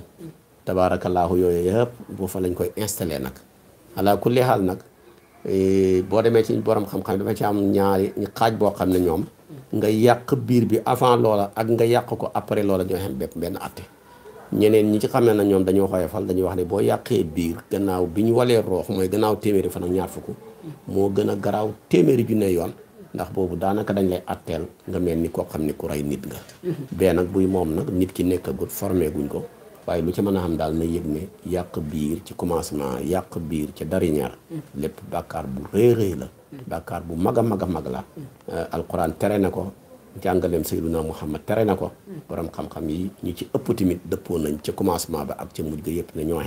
tabaarakallaahu yooyu yëpp bu fa lañ koy installé nag ala ku xaal nag e, boo demee ci boroom xam-xam dafa ci am ñaari xaaj boo xam ne ñoom nga yàq biir bi avant loola ak nga yàq ko après loola ñoo xam bépp benn atte ñeneen ñi ci xam ne na ñoom dañoo xoyofal dañuy wax ne boo yàqee biir gannaaw bi ñu walee roox mooy gannaaw téeméeri fan ak ñaar fukk moo gën a garaaw téeméeri ju ne yoon ndax boobu daanaka dañ lay atteel nga mel ni koo xam ne ku rey nit nga mm-hmm. bee nag buy moom nag nit ki nekkagut formé guñ ko waaye lu ci mën a xam daal na yëg ne yàq biir ci commencement yàq biir ci dariñar lépp bàkkaar bu rëy rëy la bàkkaar bu mag a mag a mag la euh, alquran tere na ko jàngaleem sayduna muhammad tere na ko mm. borom xam-xam yi ñu ci ëpp tamit dëppoo nañ ca commencement ba ak ca mujj ga yëpp ne ñoo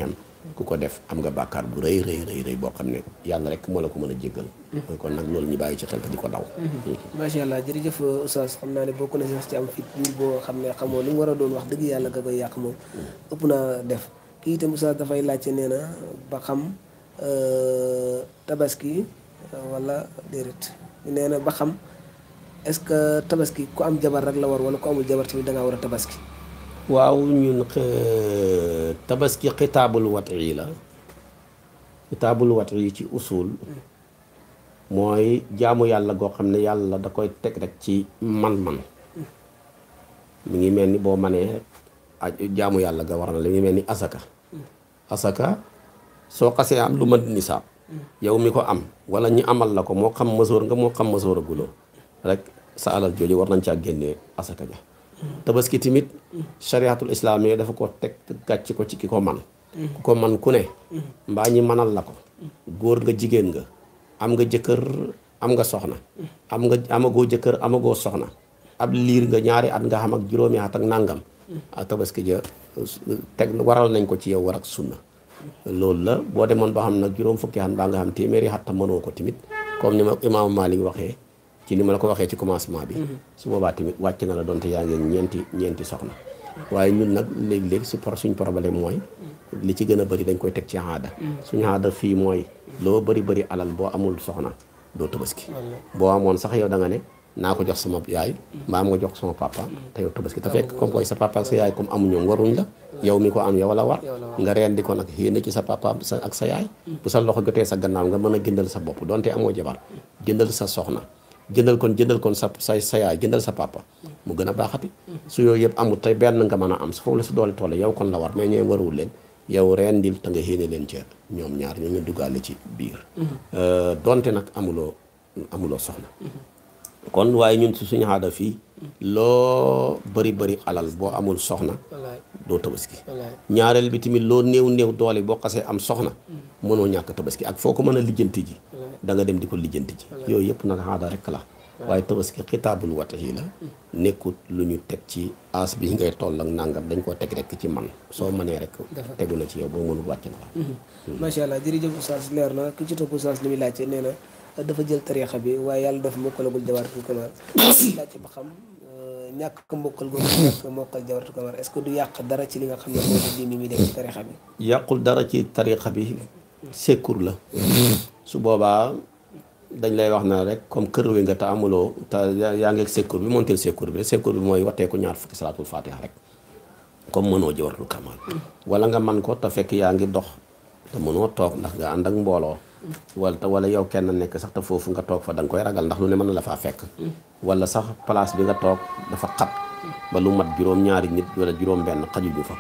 ku ko def am nga bàkkaar bu rëy rëy rëy rëy boo xam ne yàlla rek moo la ko mën a jéggal mm-hmm. kon nag loolu ñu bàyyi ci xel te di ko daw mm-hmm. macha allah jërëjëf oustaz xam naa ne boo na sax ci am fit boo xam ne xamoo li mu war a doon wax dëgg yàlla nga koy yàqu moom mm-hmm. ëpp naa def kii itam oustaz dafay laajte nee na ba xam euh, tabaski euh, wala déedéet nee na ba xam est-ce que tabaski ku am jabar rek la war wala ku amul jabar tamit da ngaa war a tabaski waaw ñun tabaski xitaabul wat yi la xitaabul wat yi ci usul mooy jaamu yàlla goo xam ne yàlla da koy teg rek ci man-man mu ngi mel ni boo manee ak jaamu yàlla ga war na la mi ngi mel ni asaka asaka soo xasee am lu ma nisaab yow mi ko am wala ñu amal la ko moo xam masoor nga moo xam masoor aguloo rek sa alal jooju war nañ caa génnee asaka ja tabaski tamit chariatul islaam yi dafa ko teg gàcc ko ci ki ko man ku ko man ku ne mbaa ñi manal la ko góor nga jigéen nga am nga jëkkër am nga soxna am nga amagoo jëkkër amagoo soxna ab liir nga ñaari at nga xam ak juróom at ak nàngam a tabaski ja teg waral nañ ko ci yow war ak sunna loolu la boo demoon ba xam nag juróom fukki at mbaa nga xam téeméeri at mënoo ko tamit comme ni ma imaamu Malik waxee ci ni ma la ko waxe ci commencement mhm. bi su boobaa tamit wacc na la donte yaa ngeen ñenti ñenti soxna waye ñun nak leg leg su por suñ problème moy mhm. li ci gëna bari dañ koy tek ci mhm. suñu fi moy lo bari bari alal bo amul soxna do tobaski bo amone sax yow da nga ne naa jox sama yaay am ma jox sama papa te yow tobaski ta fek comme koy sa papa sa yaay comme ñu waruñ la yow mi ko am yow la war nga rendi ko nak ci sa papa ak sa yaay bu sa loxo gëte sa gannaaw nga mëna gëndal jëndal sa bopp donte amo jabar gëndal sa soxna jëndal kon jëndal kon sa sa sa yaay jëndal sa papa mu gën a baaxati su yooyu yëpp amul tey benn nga mën a am su foofu la su doole toole yow kon la war mais ñooy warul leen yow rendil te nga xéene leen ceeb ñoom ñaar ñoo ngi duggaale ci biir mhm. euh, donte nag amuloo amuloo soxna mhm. kon waaye ñun su suñu aada fii loo bëri bëri alal boo amul soxna doo tabaski ñaareel bi tamit loo néew néew doole boo xasee am soxna mm. mënoo ñàkk tabaski ak foo ko mën a lijjanti ji da nga dem di ko lijjanti ji yooyu yëpp nag xaada rek la waaye tabaski xitaabul watahi la mm. nekkut lu ñu teg ci aas bi ngay toll ak nangam dañ koo teg rek ci man soo mm. mënee rek tegu na ci yow boo mënul wàcc la mm-hmm. macha allah jërëjëf oustaz leer na ku ci topp oustaz muy laajte nee dafa jël tariixa bi waaye yàlla dafa mokkalagul jawaar bi ko [COUGHS] laajte ñàkk ko mokkal googu ñàkk ko mokkal jawartu ko war est ce que du yàq dara ci li nga xam ne mooy diini mi def ci tarixa bi yàqul dara ci tarixa bi sekur la su boobaa dañ lay wax na rek comme kër wi nga te amuloo te yaa ngeeg sekur bi montel sekur bi sekur bi mooy watee ko ñaar fukki salaatul fatiha rek comme mënoo jawartul kamal wala nga man ko te fekk yaa ngi dox te mënoo toog ndax nga ànd ak mbooloo wala wala yow kenn nek sax ta fofu nga tok fa dang koy ragal ndax lu ne man la fa fek hmm. wala sax place bi nga toog dafa xat ba lu mat juroom ñaari nit wala juroom ben xaju bi fa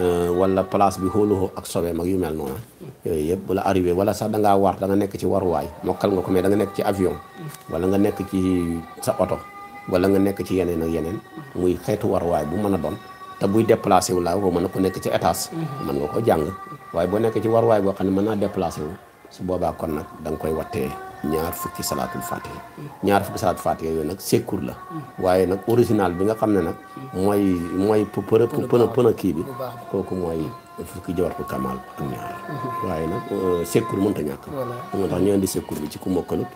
euh, wala place bi holo ak sobe mak yu mel non yoy yeb bu arrivé wala sax da nga war da nga nek ci waruwaay mokkal nga ko me da nga nek ci avion hmm. wala nga nek ci sa auto wala nga nek ci yenen ak yenen hmm. muy war way bu meuna don ta buy déplacer wu laa ko mën ko nek ci étage man nga ko jang waaye bo nek ci war way bo xamni meuna déplacer wu su boobaa kon nag da nga koy wattee ñaar fukki salaatul fatiha ñaar fukki salaatul fatiha yooyu nag secours la waaye nag original bi nga xam ne nag mooy mooy pëna pëna pëna kii bi kooku mooy fukki jawartu kamal ak ñaar mhm. waaye nag euh, secours mënta ñàkk moo tax ñu indi secours bi ci ku mokkalut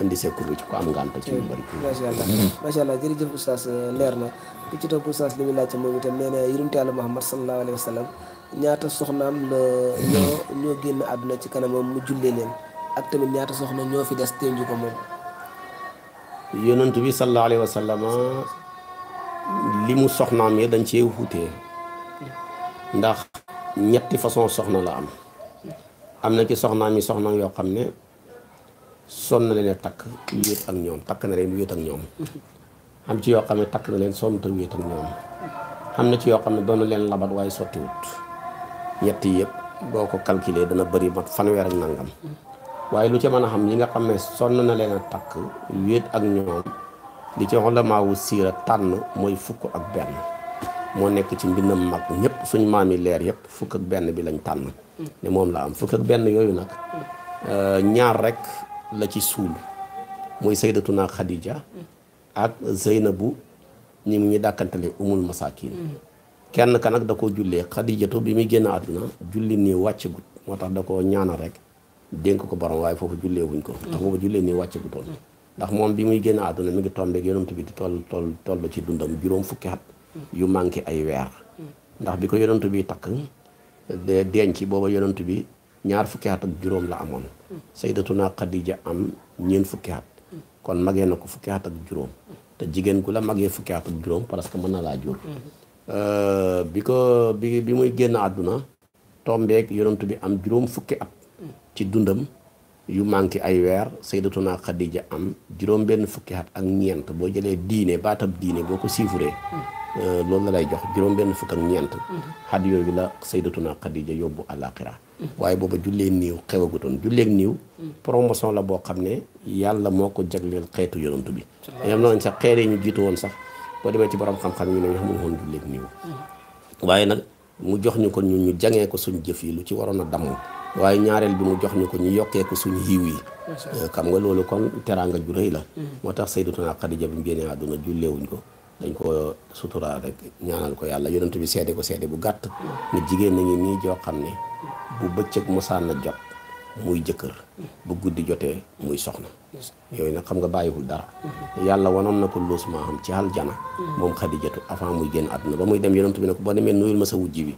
indi secours bi ci ku am ngànta allah macha allah jërëjëf oustaz euh, leer na ku ci topp oustaz li muy laajte moom itam nee na yërëmte yàlla Muhammad sallallahu alayhi wa ñaata soxnaam la ñoo ñoo génn àdduna ci kanamam mu jullee leen ak tamit ñaata soxna ñoo fi des tënju ko moom yonent bi sallallahu alayhi li mu soxnaam yi dañ cee wuutee ndax ñetti façon soxna la am am na ci soxnaam yi soxna yoo xam ne sonn na leen takk wéet ak ñoom takk na leen wéet ak ñoom ci yoo xam ne takk na leen sonn te wéet na ci yoo xam ne doon leen labat waaye sottiwut ñett yëpp boko calculer dana bari mat fanweer ak nangam waye lu ci mën xam yi nga xamé sonna na leena tak takk ak ñoom di ci xolamaa wu sira tan moy fukk ak ben mo nekk ci mbindam mag ñëpp suñ mami leer fukk ak ben bi lañ tan ne mom la am fukk ak yoyu nak euh ñaar rek la ci sul moy sayyidatuna Khadija ak zainabu ni mu ñi dakantale umul masakin kenn ka nag da koo jullee xadijatu bi muy génn àdduna julli nii wàcc gut moo tax da koo ñaanal rek dénk ko borom waaye foofu jullee wuñ ko ndax boobu jullee nii wàcc gutoon ndax moom bi muy génn àdduna mi ngi tombeeg yonent bi di toll toll toll ci dundam juróom fukki at yu manqué ay weer ndax bi ko yonent bi takk ci booba yonent bi ñaar fukki at ak juróom la amoon sayyidatuna Xadija am ñeent fukki at kon magee na ko fukki at ak juróom te jigéen gu la magee fukki juróom parce que mën na laa jur Euh, bi ko bi bi muy génn àdduna tombeek yonent bi am juróom fukki at ci dundam yu manqué ay weer sayyidatuna Khadija am juróom benn fukki at ak ñeent boo jëlee diine baatab diine boo ko siifuree euh, loolu la lay jox juróom benn fukk ak ñeent xat yooyu la sayyidatuna Khadija yóbbu àllaaxira waaye booba jullee niiw xewagutoon julleeg niiw promotion la boo xam ne yàlla moo ko jagleel xeetu yonent bi yam nañ sax xeere ñu jiitu woon sax boo demee ci borom xam-xam yi ne ñoo xamul woon julleeg niiw waaye nag mu jox ñu ko ñun ñu jangee ko suñ jëf yi lu ci waroon a damm waaye ñaareel bi mu jox ñu ko ñu yokkee ko suñ yiw yi xam nga loolu kon teraanga ju rëy la moo tax Sayyidatuna Xadija bi mu génnee àdduna julleewuñ ko dañ koo suturaa rek ñaanal ko yàlla yonent bi seede ko seede bu gàtt ne jigéen nañu nii joo xam ne bu bëccëg mosaan na jot muy jëkkër bu guddi jotee muy soxna yooyu nag xam nga bàyyiwul dara yàlla wanoon na ko luus maa xam ci aljana moom xadijatu avant muy génn àdduna ba muy dem yonent bi ne boo demee nuyul ma sa wujj bi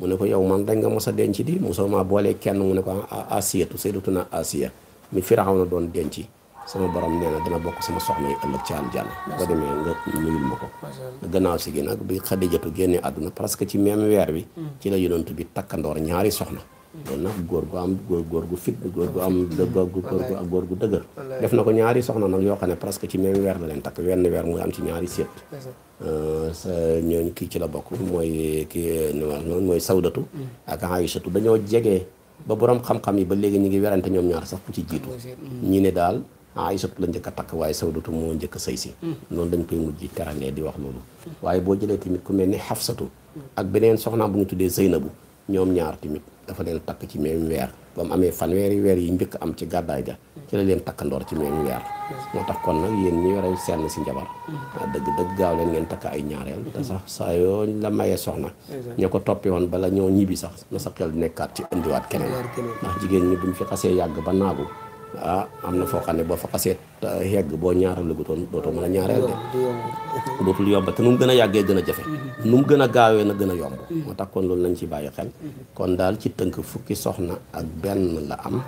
mu ne ko yow man a denc di mosoo boolee kenn mu ne ko ah ah asiyatu sayyidatuna asiya mi firaaw na doon denc sama borom nee na bokk sama soxna yi ëllëg ci aljana boo demee nga nuyul ma si gi nag bi xadijatu génnee àdduna parce que ci même weer bi mm. ci la yonent bi takkandoor ñaari soxna loolu góor gu am góor góor gu fit góor gu am góor gu góor gu dëgër def na ko ñaari soxna nag yoo xam ne presque ci même weer la leen takk wenn weer muy am ci ñaari séet euh, sa kii ci la bokk mooy kii noonu mooy sawdatu mm. ak aïchatu dañoo jege ba borom xam-xam yi ba léegi ñu ngi werante ñoom ñaar sax ci jiitu mm. ñi ne daal la njëkk takk waaye sawdatu moo njëkk a si mm. noonu dañ koy di wax loolu waaye boo jëlee tamit ku mel ni xafsatu ak beneen soxnaam bu ñu tuddee bu ñoom ñaar tamit dafa leen takk ci même weer ba mu amee fanweeri weer yi njëkk am ci gàddaay ga ci la leen takkandoor ci même weer moo tax kon nag yéen ñi yore seen si njabar dëgg dëgg gaaw leen ngeen takk ay ñaareel te sax saa yoo la mayee soxna ñoo ko toppi woon bala ñoo ñibbi sax na sa xel nekkaat ci indiwaat keneen ndax jigéen ñi buñ fi xasee yàgg ba naagu Ah, am na foo xam ne boo fa xasee eh, yegg boo ñaareel gutoon dootoo mën a ñaareel de dootul yomb te nu mu gën a yàggee gën a jafe mm-hmm. nu mu gën a gaawee na gën a yomb mm-hmm. moo tax kon loolu nañ ci bàyyi xel mm-hmm. kon daal ci tënk fukki soxna ak benn la am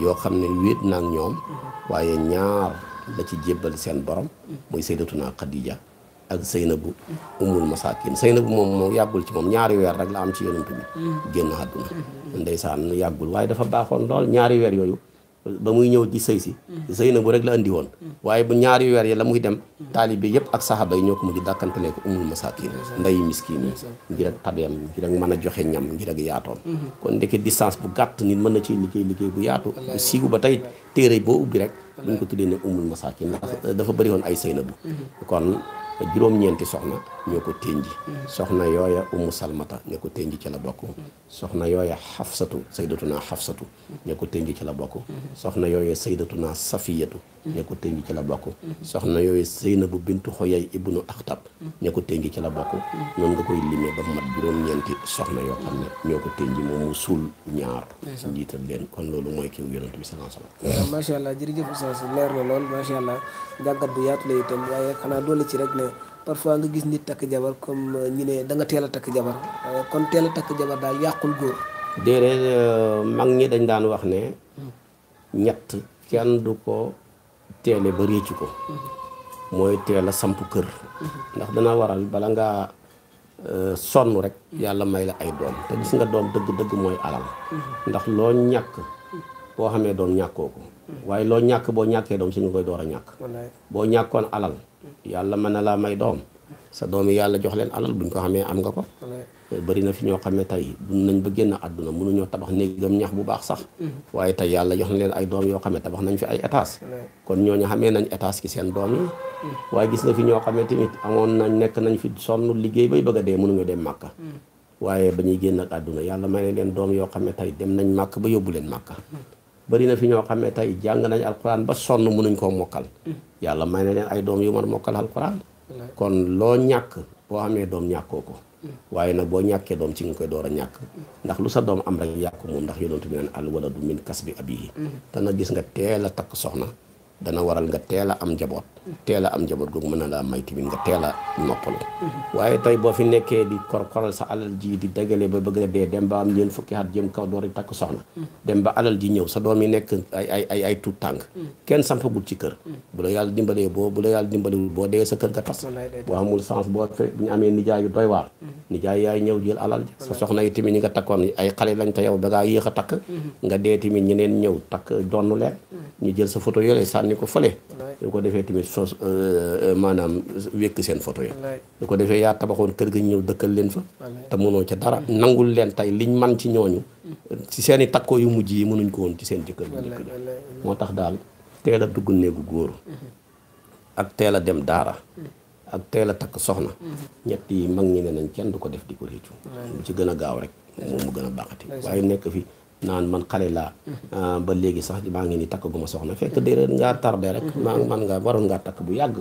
yoo xam ne wéet na ñoom waaye ñaar ci jébbal seen borom mooy Sayyidatuna Khadija ak Seynabu umul masakin Seynabu moom moom yàggul ci moom ñaari weer rek la am ci yonent bi génn àdduna ndeysaan yàggul waaye dafa baaxoon lool ñaari weer yooyu ba muy ñëw di sëy si Zeynabu mm. rek la andi woon mm. waaye bu ñaari weer yi la muy dem mm. taalibe yëpp ak saxaaba yi ñoo ko mujj dàkkantalee ko umul masaakin nday miskin yi ngir ak tabeem ngir ak mën a joxe ñam ngir ak yaatoom mm-hmm. kon ndeke distance bu gàtt nit mën na ci liggéey liggéey bu yaatu siigu ba tey téere boo ubbi rek buñ ko tuddee ne umul masaakin ndax dafa bëri woon ay Zeynabu mm-hmm. kon juróom-ñeenti soxna ñoo ko ténji soxna yooya ummu salmata ñoo ko ténji ci la bokk soxna yooya xafsatu saydatuna xafsatu ñoo ko ténji ci la bokk soxna yooya saydatuna safiyatu ñe ko tengi ci la bokku soxna yooyu seynabu bintu xoyay ibnu Akhtab ñe ko tengi ci la bokku non nga koy limé ba mat juróom ñenti soxna yo xam ñoko ñoo ko tengi moom ñaar ci ben kon loolu mooy ki yonent bi wasallam ma sha allah jërëjëf oustaz leer na lool sha allah jàngat bu yaatu la itam waaye xanaa doole ci rek ne parfois nga gis nit tak jabar comme euh, ñu ne da nga téla tak jabar euh, kon téla tak jabar da yaqul goor dere euh, mag ñi dañ daan wax ne hmm. ñett kenn du ko teele ba réccu ko mooy teel a samp kër ndax dana waral bala ngaa euh, sonn rek yàlla may la ay doom te gis nga doom dëgg-dëgg mooy alal ndax loo ñàkk boo xamee doom ñàkkoo ko waaye loo ñàkk boo ñàkkee doom si nga koy door a ñàkk boo ñàkkoon alal yàlla mën na laa may doom sa doom yàlla jox leen alal buñ ko xamee am nga ko bari na fi ñoo xamé tay tey dund nañ ba génn mënu ñoo tabax néegam ñax bu baax sax mm-hmm. waye tay yalla jox na leen ay doom yo xamé tabax nañ fi ay étage kon ñu xamé nañ étage ki seen doom yi mm-hmm. gis na fi ñoo xamé timit amon nañ nek nañ fi sonu liggéey bay bëgg dé mënu ñu dem makka mm-hmm. waaye bañuy ñuy génn ak àdduna yàlla may leen doom yo xamé tay dem nañ makka ba yobul leen makka bari na fi ñoo xamé tay jang nañ alquran ba mënu ñu ko mokal yalla may na leen ay doom yu mokal alquran kon lo ñak bo amé doom ñakoko waaye nag boo ñàkkee doom ci nga koy door a ñàkk ndax lu sa doom am rek yàqu moom ndax yonentu bi naan al waladu min kasbi abihi mm-hmm. te na gis nga teel a takk soxna dana waral nga téla am jabot, téla am jabot googu mëna la may tamit nga téla noppalu waaye tey fi nekké di koral sa alal ji di dagale ba bëgg dé dem ba am ñeen fukki hat jëm kaw doori tak soxna dem ba alal ji ñew sa doomi nekk ay ay ay ay tutang. kèn kenn sampagul ci kër bu la yalla dimbalé bo bu la yalla dimbalé bo dé sa kër ka tass bo amul sens bo fe bu ñu amee nijaay yu doy waar mm-hmm. nijaay yaay ñew jël alal ji sa soxna yi timi nga takkon ay xalé lañ te yow da ngaa yéex a mm-hmm. nga dé timi ñeneen ñew tak leen mm-hmm. ñu jël sa photo wàññi ko fële su ko defee tamit sos euh, euh, manam wékk sen photo yi ya. su ko defe ya tabaxon kër ga ñew dekkal leen fa ta mëno ci dara nangul leen tay liñ man ci ñooñu ci seen takko yu mujj yi mënuñ ko won ci sen jëkkër mo njëkk moo tax dal téla a dugg néegu góor ak téla a dem dara ak téla a soxna ñet yi mag ñi ne nañ kenn duko ko def diko ko réccu ci gëna gaaw rek mo mu gëna baxati waye waaye nekk fi Nan man xalé la mm-hmm. ah, ba légui sax maa ngi ni takkaguma soxna fekk déedéet nga tardé rek mm-hmm. maa man nga waron nga takku bu yàgg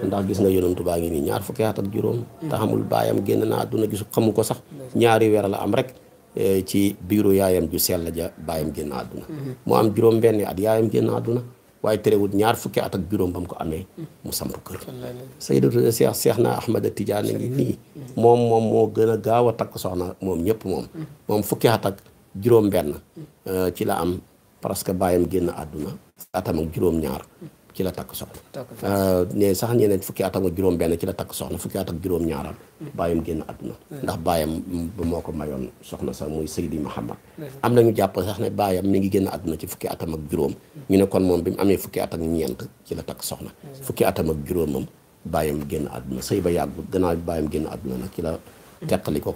ndax gis nga yonantu ba ngi ni ñaar fukki at ak juróom mm-hmm. te xamul baayam génn na aduna gisu xamu ko sax ñaari wér la am rek eh, ci biiru yaayam ju sel ja bayam genn aduna mo am juroom benn at yaayam génn àdduna waaye terewut ñaar fukki at ak ko amé mu kër sayyidou cheikh cheikhna na tidiane ngi ni mom mom mo gëna gaawa takku soxna mom ñepp mom mom fukki at juróom benn eh, ci la am presque bayam genn aduna atam ak juróom ñaar ci la tak soxna eh, ne sax ñeneen fukki atam ak juróom ben ci la tak soxna fukki atam ak juróom bayam genn aduna ndax bayam bu moko mayon soxna sax muy Seydi Muhammad am nañu japp sax ne bayam mi ngi genn aduna ci fukki atam ak juróom ñu ne kon mom bimu amé fukki atam ñent ci la tak soxna fukki atam ak juróomam bayam genn aduna sey ba bayam genn aduna nak ci la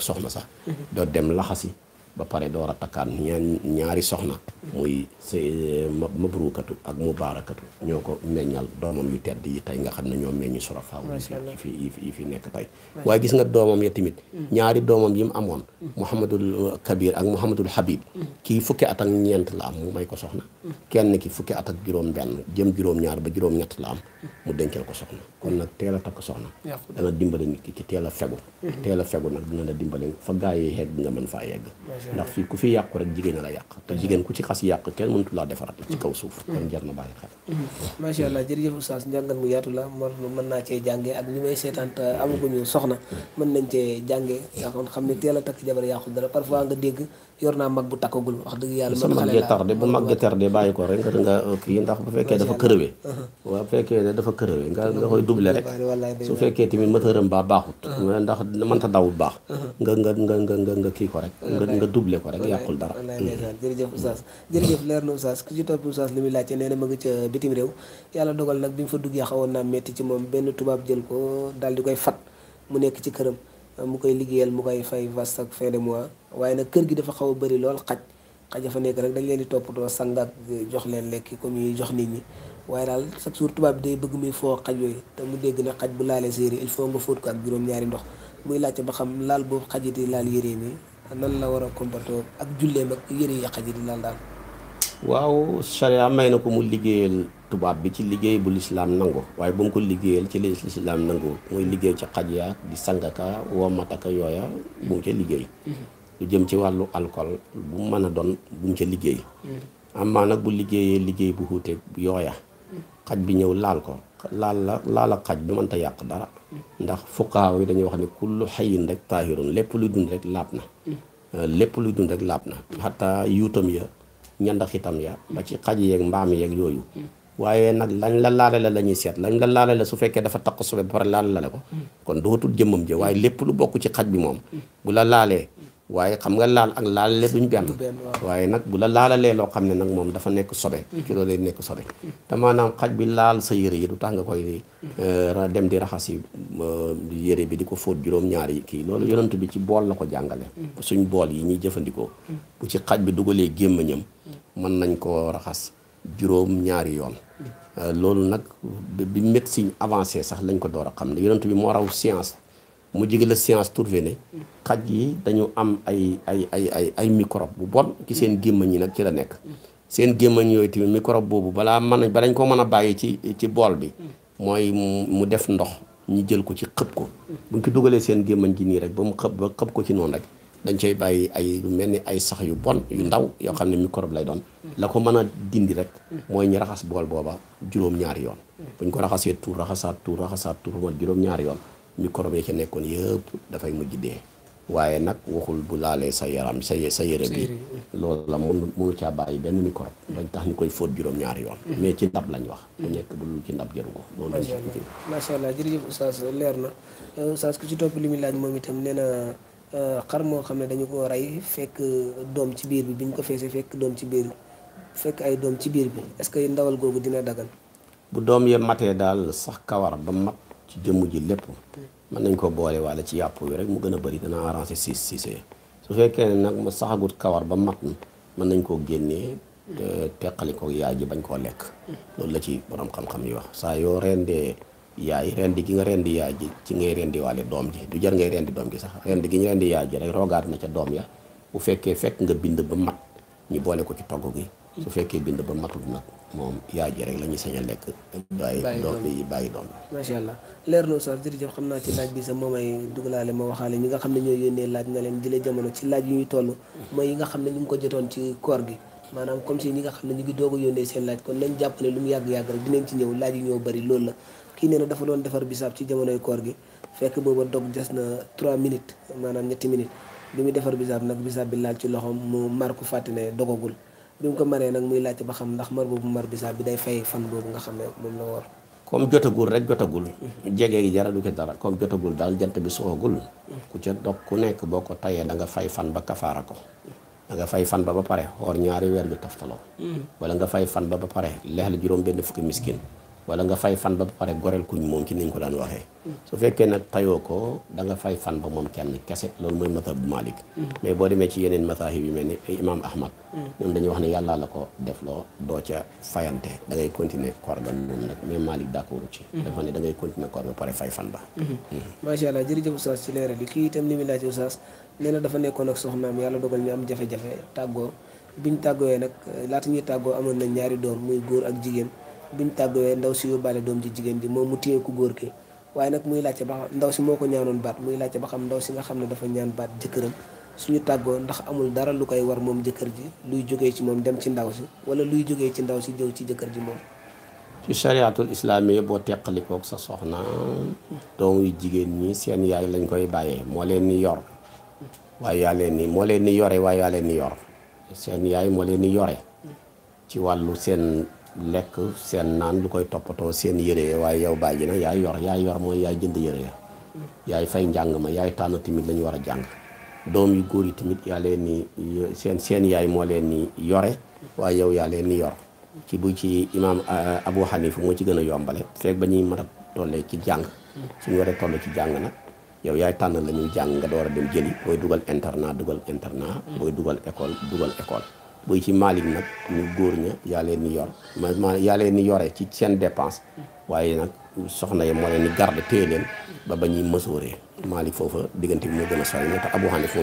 soxna sax mm-hmm. do dem laxasi ba pare door a takkaan ñaari soxna muy say mabrukatu ak mubarakatu ñoo ko meññal doomam yu tedd yi tey nga xam ne ñoo meññi sura faaw yi fi yi fi nekk tey waaye gis nga doomam ya tamit mm. ñaari doomam yi mu amoon muhammadul uh, kabir ak muhammadul habib mm. kii fukki at ak ñeent la am mu may ko soxna mm. kenn ki fukki at ak juróom benn jëm juróom ñaar ba juróom ñett la am mu dencal ko soxna kon nag teel a takk soxna dana dimbale nit ki teel a fegu mm-hmm. teel a fegu nag dina la dimbale fa gaa yi yegg nga mën faa ndax fii ku fi yàqu rek jigéen a la yàq te jigéen ku ci xas yàq kenn mënatu laa defaraat ci kaw suuf kon jar na bàyyi xel mm-hmm. macha allah jërëjëf oustaz njàngat mu yaatu la man mën naa cee jànge ak ñu may seetaan te amaguñu soxna mën nañ cee jànge ndax kon xam ne teel a takk jabar yàqul dara parfois nga dégg yor naa mag bu takkagul wax dëgg yàlla. man xale laa tardé bu mag tardé bàyyi ko rek nga kii ndax bu fekkee dafa kërëwe. waaw bu fekkee ne dafa kërëwe nga nga koy doublé rek. su fekkee tamit moteur-am baa baaxut. ndax mënta dawul baax. nga nga nga nga nga kii ko rek. nga nga doublé ko rek yàqul dara. Mm. jërëjëf Oustaz jërëjëf leer na Oustaz ku ci topp Oustaz li muy laajte nee na ma nga ca bitim réew yàlla dogal nag bi mu fa duggee xawoon naa metti ci moom benn tubaab jël ko dal di koy fat mu nekk ci këram mu koy liggéeyal mu koy fay vas ak fin de mois waaye nag kër gi dafa xaw a bëri lool xaj xaj a fa nekk rek dañ leen di toppatoo sang ak eh, jox leen lekk comme ñuy jox nit ñi waaye daal chaque jour tubaab bi day bëgg muy foo xaj yooyu te mu dégg na xaj bu laalee sa yére il faut nga fóot ko ak juróom-ñaari ndox muy laajte ba xam laal boobu xaj yi di laal yére mi nan la war a comporter ak julleem ak yére yi xaj yi di laal daal. waaw charia may na ko mu liggéeyal. tubaab bi ci liggéey bu lislaam nangu waaye ba mu ko liggéeyal ci lislaam nangu muy liggéey ci xaj yaa di sangaka womataka yooya bu mu ca liggéey mm-hmm. lu jëm ci wàllu alcool bu mu mën a doon bu mu ca liggéey mm-hmm. amaa nag bu liggéeyee liggéey bu xuute yooya mm-hmm. xaj bi ñëw laal ko laal la laal ak xaj bi mënta yàq dara ndax fukkaaw yi dañuy wax ne kullu xayin rek taahirun lépp luy dund rek laab na euh, lépp luy dund rek laab na xataa yuutam ya ñandaxitam ya ba ci xaj yeeg mbaam yeeg yooyu waaye nag lañ la laale la la ñuy seet lañ la laale la su fekkee dafa taq sobe ba pare laale la la ko kon dootul jëmmam ji waaye lépp lu bokk ci xaj bi moom bu la laalee waaye xam nga laal ak laale duñ benn waaye nag bu la laalalee loo xam ne nag moom dafa nekk sobe mm. ci loolu lay nekk sobe te maanaam xaj bi laal sa yére yi du tax nga koy euh, dem di raxas yi euh, yére bi di ko fóot juróom kii loolu yonent bi ci bool la ko jàngale mm. suñ bool yi ñuy jëfandikoo bu ci xaj bi dugalee gémmiñam mm. mën nañ koo raxas juróom ñaari yoon euh, loolu nag bi médecine avancée sax lañ ko door a xam ne yonent bi moo raw science mu jigi la science trouvé ne xaj yi dañu am ay ay ay ay ay microbe bu bon ci seen gémmañ yi nag ci la nekk seen gémmañ yooyu tamit microbe boobu balaa mën balañ ko mën a bàyyi ci ci bool bi mooy mu def ndox ñu jël ko ci xëpp ko buñ ko dugalee seen gémmañ ji nii rek ba mu xëp ba xëpp ko ci noonu rek dañ cay bàyyi ay mel ni ay sax yu bon yu ndaw yoo xam ne microbe lay doon la ko mën a dindi rek mooy ñu raxas bool booba juróom-ñaari yoon buñ ko raxasee tuur raxasaat tuur raxasaat tuur man juróom-ñaari yoon microbe yi ca nekkoon yëpp dafay mujj dee waaye nag waxul bu laalee sa yaram sa sa yére bi loolu la mun munu caa bàyyi benn microbe dañ tax ñu koy fóot juróom-ñaari yoon mm-hmm. mais ci ndab lañ wax bu nekk bu dul ci ndab jëru ko loolu lañ macha allah jërëjëf oustaz leer na euh, oustaz ku ci topp li muy laaj moom itam Euh, xar moo xam ne dañu ko rey fekk doom ci biir bi bi ñu ko feesee fekk doom ci biir fekk ay doom ci biir bi est-ce que ndawal googu dina dagan bu doom ya matee daal sax kawar ba mat ci jëmm ji lépp mën nañ ko boole walla ci yàpp rek mu gën a bari dana arrangé siis siisee su fekkee nag ma saxagut kawar ba mat mën nañ koo génnee euh, teqali ko yaay ji bañ koo lekk loolu la ci borom xam-xam yi wax saa yoo rendee yaay rendi gi nga rendi yaay ji ci ngay rendi waale doom ji du jar ngay rendi doom ji sax rendi gi ñu rendi yaay ji rek rogaat na ca fekk nga bind ba ñu boole ko ci togg gi su fekkee bind ba matul nag moom yaay ji rek la ñuy a lekk bàyyi doom bi na Oustaz jërëjëf xam naa ci laaj nga xam ne ñoo yónnee laaj nga leen jëlee jamono ci laaj yu ñuy toll mooy yi nga ñu ngi ko jotoon ci koor gi maanaam comme si nga xam ne ñu ngi doog a yónnee seen laaj kon nañ jàpp ne lu mu yàgg-yàgg rek dinañ ci ñëw laaj yu ñoo bari loolu la kii nee na dafa doon defar bisaab ci jamonoy koor gi fekk booba dog des na 3 minutes maanaam ñetti minutes bi muy defar bisaab nag bisaab bi laal ci loxoom mu mar ko fàtte ne dogagul bi mu ko maree nag muy laajte ba xam ndax mar boobu mar bisaab bi day fay fan boobu nga xam ne moom la woor comme jotagul rek jotagul jege yi dara du ko dara comme jotagul daal jant bi soxagul ku ca dog ku nekk boo ko tayee da nga fay fan ba kafaara ko da nga fay fan ba ba pare xoor ñaari weer bi toftaloo mm. wala nga fay fan ba ba pare leexal juróom benn fukki miskin wala nga fay fan ba ba pare goreel kuñ moom ci niñ ko daan waxee su fekkee nag tayoo ko da nga fay fan ba moom kenn kese loolu mooy mazhab bu Malik mais boo demee ci yeneen mazahib yu mel ni wax ne yàllaa la ko def loo doo da ngay continuer koor ga moom nag mais Malik d'accord ci dafa ne da ngay continuer koor ba pare fay fan ba macha allah jërëjëf oustaz ci leeral kii itam li muy laaj oustaz nee dafa nekkoon ak soxnaam yàlla dogal ñu am jafe-jafe tàggoo biñ tàggooyee nag laata ñuy tàggoo amoon na ñaari doom muy góor ak jigéen biñ tàggoo ndaw si yóbbaale doom ci jigéen ji moom mu téye ku góor ki waaye nag muy laajte ba ndaw si moo ko ñaanoon baat muy laajte ba xam ndaw si nga xam ne dafa ñaan baat jëkkëram suñu tàggoo ndax amul dara lu koy war moom jëkkër ji luy jógee ci moom dem ci ndaw si wala luy jógee ci ndaw si jëw ci jëkkër ji moom ci chariatul islaamiya boo teqalikoog sa soxna doom yu jigéen ñi seen yaay lañ koy bàyyee moo leen ni yor waaye yaa leen ni moo leen ni yore waaye yaa leen ni yor seen yaay moo leen ni yore ci wàllu seen lekk seen naan lu koy toppatoo seen yére waaye yow bàyyi na yaay yor yaay yor mooy yaay jënd yére ya yaay fay njàng ma yaay tànn tamit lañu ñu war a jàng doom yu góor yi tamit yaa leen seen seen yaay moo leen ni yore waaye yow yaa leen ni yor ci bu ci imaam Abu Hanifa moo ci gën a yombale feeg ba ñuy mën a tollee ci jàng suñu waree toll ci jàng nag yow yaay tànn la ñuy jàng nga door a dem jëli booy dugal internat dugal internat booy dugal école dugal école buy ci Malick nag ñu góor ña yaa leen ni yor ma ma yaa leen ni yore ci seen dépense waaye nag soxna yi moo leen ni garde téye leen ba ba ñuy mësooree Malick foofa diggante bi moo gën a sori moo tax Abu Hanifa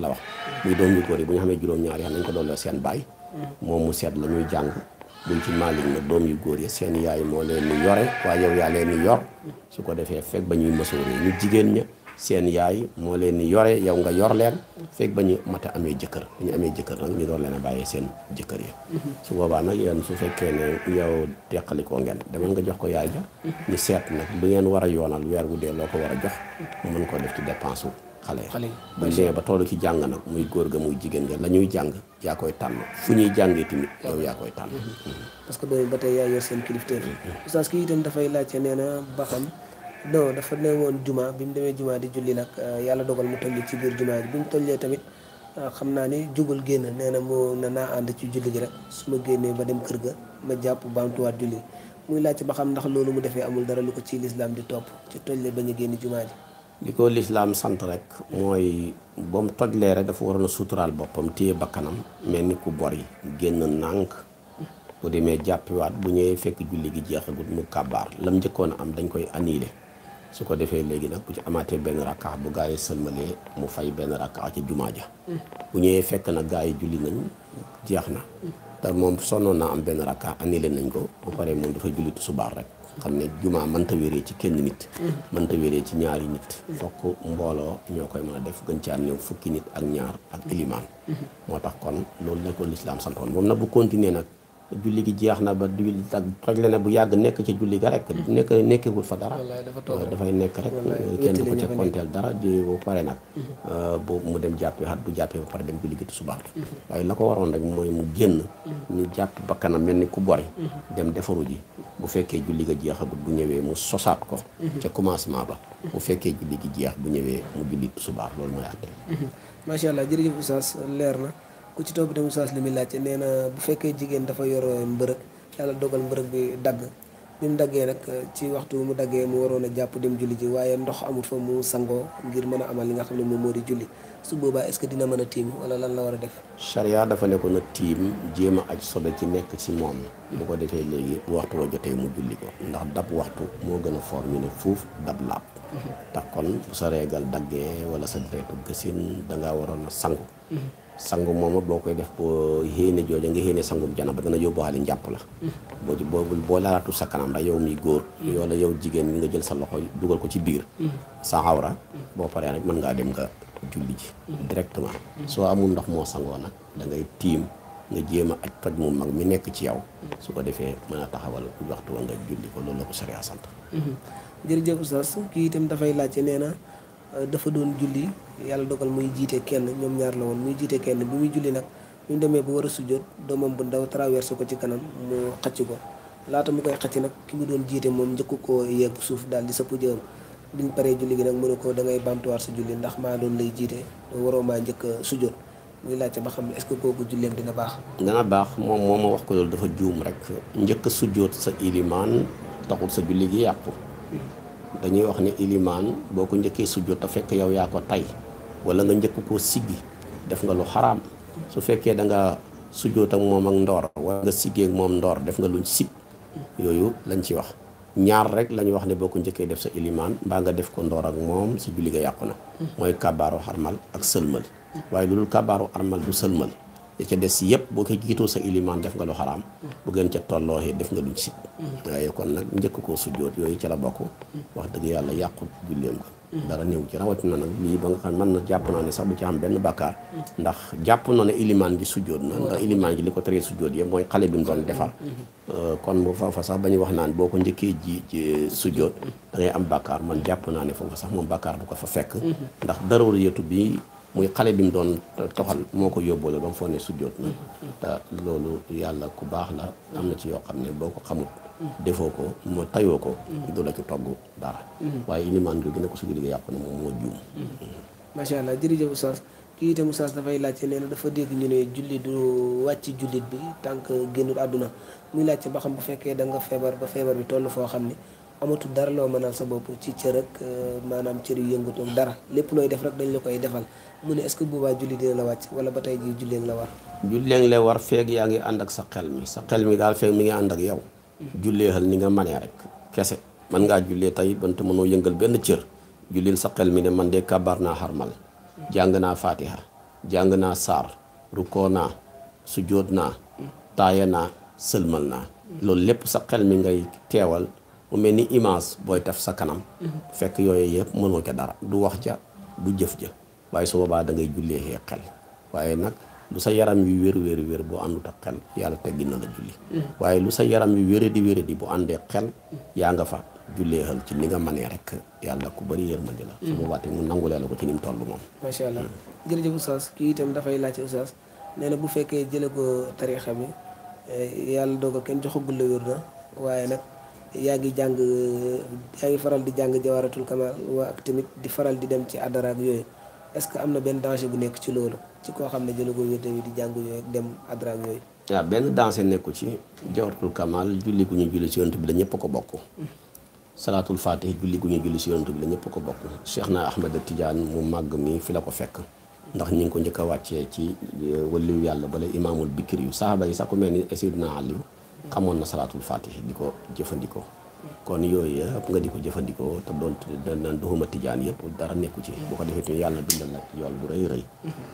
la wax ñu góor yi bu ñu xamee juróom-ñaari xat nañ ko doon seen baay moom mu seet la ñuy jàng buñ ci Malick nag doom yu góor yi seen yaay moo leen ni yore waaye yow yaa leen ni yor su ko defee fekk ba ñuy mësooree ñu jigéen ña seen yaay moo leen di yore yow nga yor leen fekk ba ñu mat a amee jëkkër ba ñu amee jëkkër nag ñu door leen a bàyyee seen jëkkër yi mhm. su boobaa nag yéen su fekkee ne yow teqalikoo ngeen demal nga jox ko yaay ja mhm. ñu seet nag lu ngeen war a yoonal weer wu dee loo ko war a jox mu mën koo def ci dépense wu xale yi ba dee ba toll ci jàng nag muy góor ga muy jigéen ga la ñuy jàng yaa koy tànn fu ñuy jàngee tamit yow yaa koy tànn mhm. parce que doom ba tey yaa yor seen kilifteer oustaz kii itam dafay laajte non dafa newoon jumaa bi mu demee juma di julli nag euh, yàlla dogal mu tolli ci biir juma bi mu tollee tamit euh, xam naa ni jugul génn nee na mu na naa ànd ci julli gi rek su ma génnee ba dem kër ga ma jàpp bantuwaat julli muy laajte ba xam ndax loolu mu defee amul dara lu ko ci lislaam di topp ci tojlee ba ñu génn jumaa ji li ko lislaam sant rek mooy ba mu tojlee rek dafa waroon a suturaal boppam téye bakkanam mel ni ku bor yi génn nànk bu demee jàppiwaat bu ñëwee fekk julli gi jeexagut mu kàbbaar lam njëkkoon a am dañ koy annulé su ko defee léegi nag bu ci amaatee benn rakkax bu gaa yi sëlmalee mu fay benn rakkax ci jumaa ja bu ñëwee fekk na gaa yi julli nañ jeex na te moom sonnoon naa am benn rakkaa rakkax annulé nañ ko bu paree moom dafa julli tisbaar rek xam ne jumaa mënta wéree ci kenn nit mënta wéree ci ñaari nit fokk mbooloo ñoo koy mën a def gën caa néew fukki nit ak ñaar ak ilimaan moo tax kon loolu la ko lislaam santoon moom nag bu continuer nag julli gi jeex na ba julli tag toj la bu yàgg nekk ca julli ga rek nekk nekkewul fa dara euh, dafay nekk rek kenn du ko ca konteel dara di bu pare nag mhm. euh, bu mu dem jàppee xat bu jàppee ba pare dem julli gi tu subaat mhm. waaye la ko waroon rek mooy mu génn mhm. ñu jàpp bakkanam mel ni ku bori dem defaru ji bu fekkee julli ga jeexagut bu ñëwee mu sosaat ko ca commencement ba bu fekkee julli gi jeex bu ñëwee mu julli tu loolu mooy àtte macha allah leer na ku ci topp tamit soos li muy laajte nee na bu fekkee jigéen dafa yor mbërëg yàlla dogal mbërëg bi dagg bi mu daggee nag ci waxtu mu daggee mu waroon a jàpp dem julli ji waaye ndox amut fa mu sangoo ngir mën a amal li nga xam ne moom moo di julli su boobaa est-ce que dina mën a tiim wala lan la war a def. charia dafa nekkoon ko na tiim jéem ak aj sobe ci nekk ci moom bu ko defee léegi bu waxtu wa jotee mu julli ko ndax dab waxtu moo gën a foor ñu ne fuuf dab laab. tax mhm. kon bu sa reegal daggee wala sa deretu gësin da waroon a sangu. Mhm. sangum mom boo koy def bo yéene jojo nga yéene sangum na dana halin japp la hmm. bo bo boo laalaatu sa kanam da yow mi góor hmm. wala yow jigen nga jël sa loxo duggal ko ci bir hmm. sa hawra bo pare nak man nga dem nga julli ci directement so amul ndox mo sangoo nak da ngay tim nga jema ak aj mu mag mi nek ci yaw su ko defé meuna a taxawal waxtu nga julli ko lolu ko sharia sant jërëjëf oustaz ki itam na dafa doon julli yalla dogal muy jité kenn ñom ñaar la woon muy jité kenn bi muy julli nak ñu démé bu wara war a bu ndaw traversé ko ci kanam mu xacc ko laata mu koy xati nak ki mu doon jité mom njëkku ko yegg suuf dal di sëpp jëm biñ paré julli gi nak mu ko da ngay bamtuwaat sa julli ndax ma doon lay jité do waro ma jëk muy laacc ba xam est ce que kooku julleem dina baax. dana baax mom moo wax ko loolu dafa joom rek jëk sa iliman taxul sa julli gi yàqu. dañuy wax ni iliman boko ko sujjo ta fekk yow ya ko tay wala nga ñëk ko siggi def nga lu haram su fekke da nga sujoot ak mom ak ndor wala nga siggee ak mom ndor def nga luñ sig yoyu lañ ci wax ñaar rek lañ wax ne boku ñëkke def sa iliman ba nga def ko ndor ak mom sa julli ga yàqu na mooy kabaaru ak selmal waaye loolu kabaaru armal du selmal ya ca dess yëpp boo ko gito sa iliman def nga lu haram bu gën ca def nga luñ sig waye kon nak ñëk ko sujoot yoyu ci la wax deug yalla dara néew ci rawatina nag lii ba nga xam man na jàpp naa ne sax bu ci am benn bàkkaar ndax jàpp na ne ilimaan gi sujjóot na ndax ilimaan gi li ko teree sujjóot yëpp mooy xale bi mu doon euh, kon bu foofa sax ba ñu wax naan boo ko njëkkee ji ci sujjóot da ngay am bàkkaar man jàpp naa ne foofa sax moom bàkkaar bu ko fa fekk ndax daruriyatu bi muy xale bi mu doon toxal moo ko yóbboole ba mu foog ne sujjóot na loolu yàlla ku baax la am na ci yoo xam ne boo ko xamul defoo ko moo tayoo ko du la ci togg dara waaye ilimaan gi ne ko si liggéey yàqu na moom moo juum macha allah jërëjëf oustaz kii itam oustaz dafay laajte nee na dafa dégg ñu ne julli du wàcc jullit bi tànk génnul àdduna muy laajte ba xam bu fekkee danga nga feebar ba feebar bi toll foo xam ne amatul dara loo mënal sa bopp ci cër ak euh, maanaam cër yu yëngatu dara lépp looy def rek dañ la koy defal mu ne est-ce que boobaa julli dina la wàcc wala ba tey jii julleeng la war julleeng la war feeg yaa ngi ànd ak sa xel mi sa xel mi daal feeg mi ngi ànd yow julleexal ni nga manee rek kese man ngaa jullee tey bante mënoo yëngal benn cër jullil sa xel mi ne man de kabar naa xarmal jàng naa fatiha jàng naa saar rukkoo naa sujjóot naa taaya naa sëlmal naa loolu lépp sa xel mi ngay teewal mu mel ni image booy taf sa kanam fekk yooyu yëpp mënoo ca dara du wax ja du jëf ja waaye su boobaa da ngay jullee xel waaye nag lu sa yaram yu wér wér wér boo àndut ak xel yàlla teggi na la julli mm-hmm. waaye lu sa yaram yu wére di wére di bu àndee xel yaa nga fa julleexal ci ni nga mënee rek yàlla ku bëri yërmande la su boobaa mu nangulee la ko ci nim mu toll moom macha allah mm-hmm. jërëjëf oustaz kii itam dafay laajte oustaz nee na bu fekkee jële ko tarixa bi eh, yàlla dogal kenn joxagul la wér na waaye nag yaa ngi jàng yaa ngi faral di jàng jawaratul kamal waa ak tamit di faral di dem ci adara ak yooyu est-ce que am na benn danger bu ci loolu ci koo xam ne jëlagoo wér tamit di jàngu yooyu dem adra yooyu. waaw benn danse nekku ci jawharatul kamal julli gu ñu julli si yonent bi la ñëpp ko bokk. salaatul fatih julli gu ñu julli si yonent bi la ñëpp ko bokk. Cheikh na Ahmed Tidiane mu màgg mi fi la ko fekk. ndax ñu ngi ko njëkk a wàccee ci euh, waliyu yàlla bala imaamul bikir yu saaba yi sax ku mel ni na Ali xamoon na salaatul fatih di ko jëfandikoo. kon yooyu iya. ap nga diko ko ta don dan nan naan tidiane yep dara nekku ci bu ko defee te yalla dundal la yool bu rëy rëy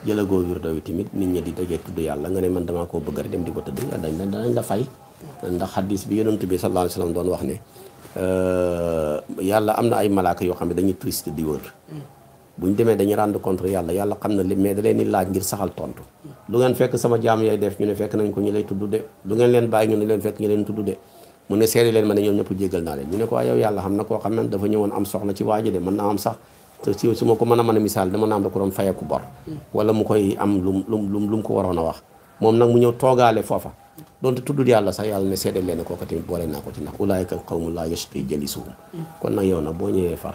jëlagoo wirdo wi timit nit ñi di dajee tuddu yalla nga ne man dama ko bëgg dem di ko nga dañ la dañ la fay ndax hadith bi yaron tabi sallallahu alaihi wasallam don wax ne euh yalla amna ay malaaka yo xamne dañuy triste di wër buñ démé dañu dañuy rendre compte yalla yàlla xam li mé da leen di laaj ngir saxal tontu lu ngeen fekk sama jaam yoy ya, def ñu ne fekk nañ ko ñu lay tuddu de lu ngeen leen bay ñu ne leen fekk ñu leen tuddu de mu ne seeri leen ma ne ñoom ñëpp jéggal naa leen ñu ne ko yow yàlla xam na koo xam ne dafa ñëwoon am soxla ci waa ji de mën naa am sax su ma ko mën a mën a misaal dama naa am da ko am lum lum lu mu ko waroon a wax moom nag mu ñëw toogaale foofa doonte tuddul yàlla sax yàlla ne seedeel leen kooka tamit boole naa ko ci ndax ulaayika qawmu laa yashqi jalisuhum kon nag yow nag boo ñëwee far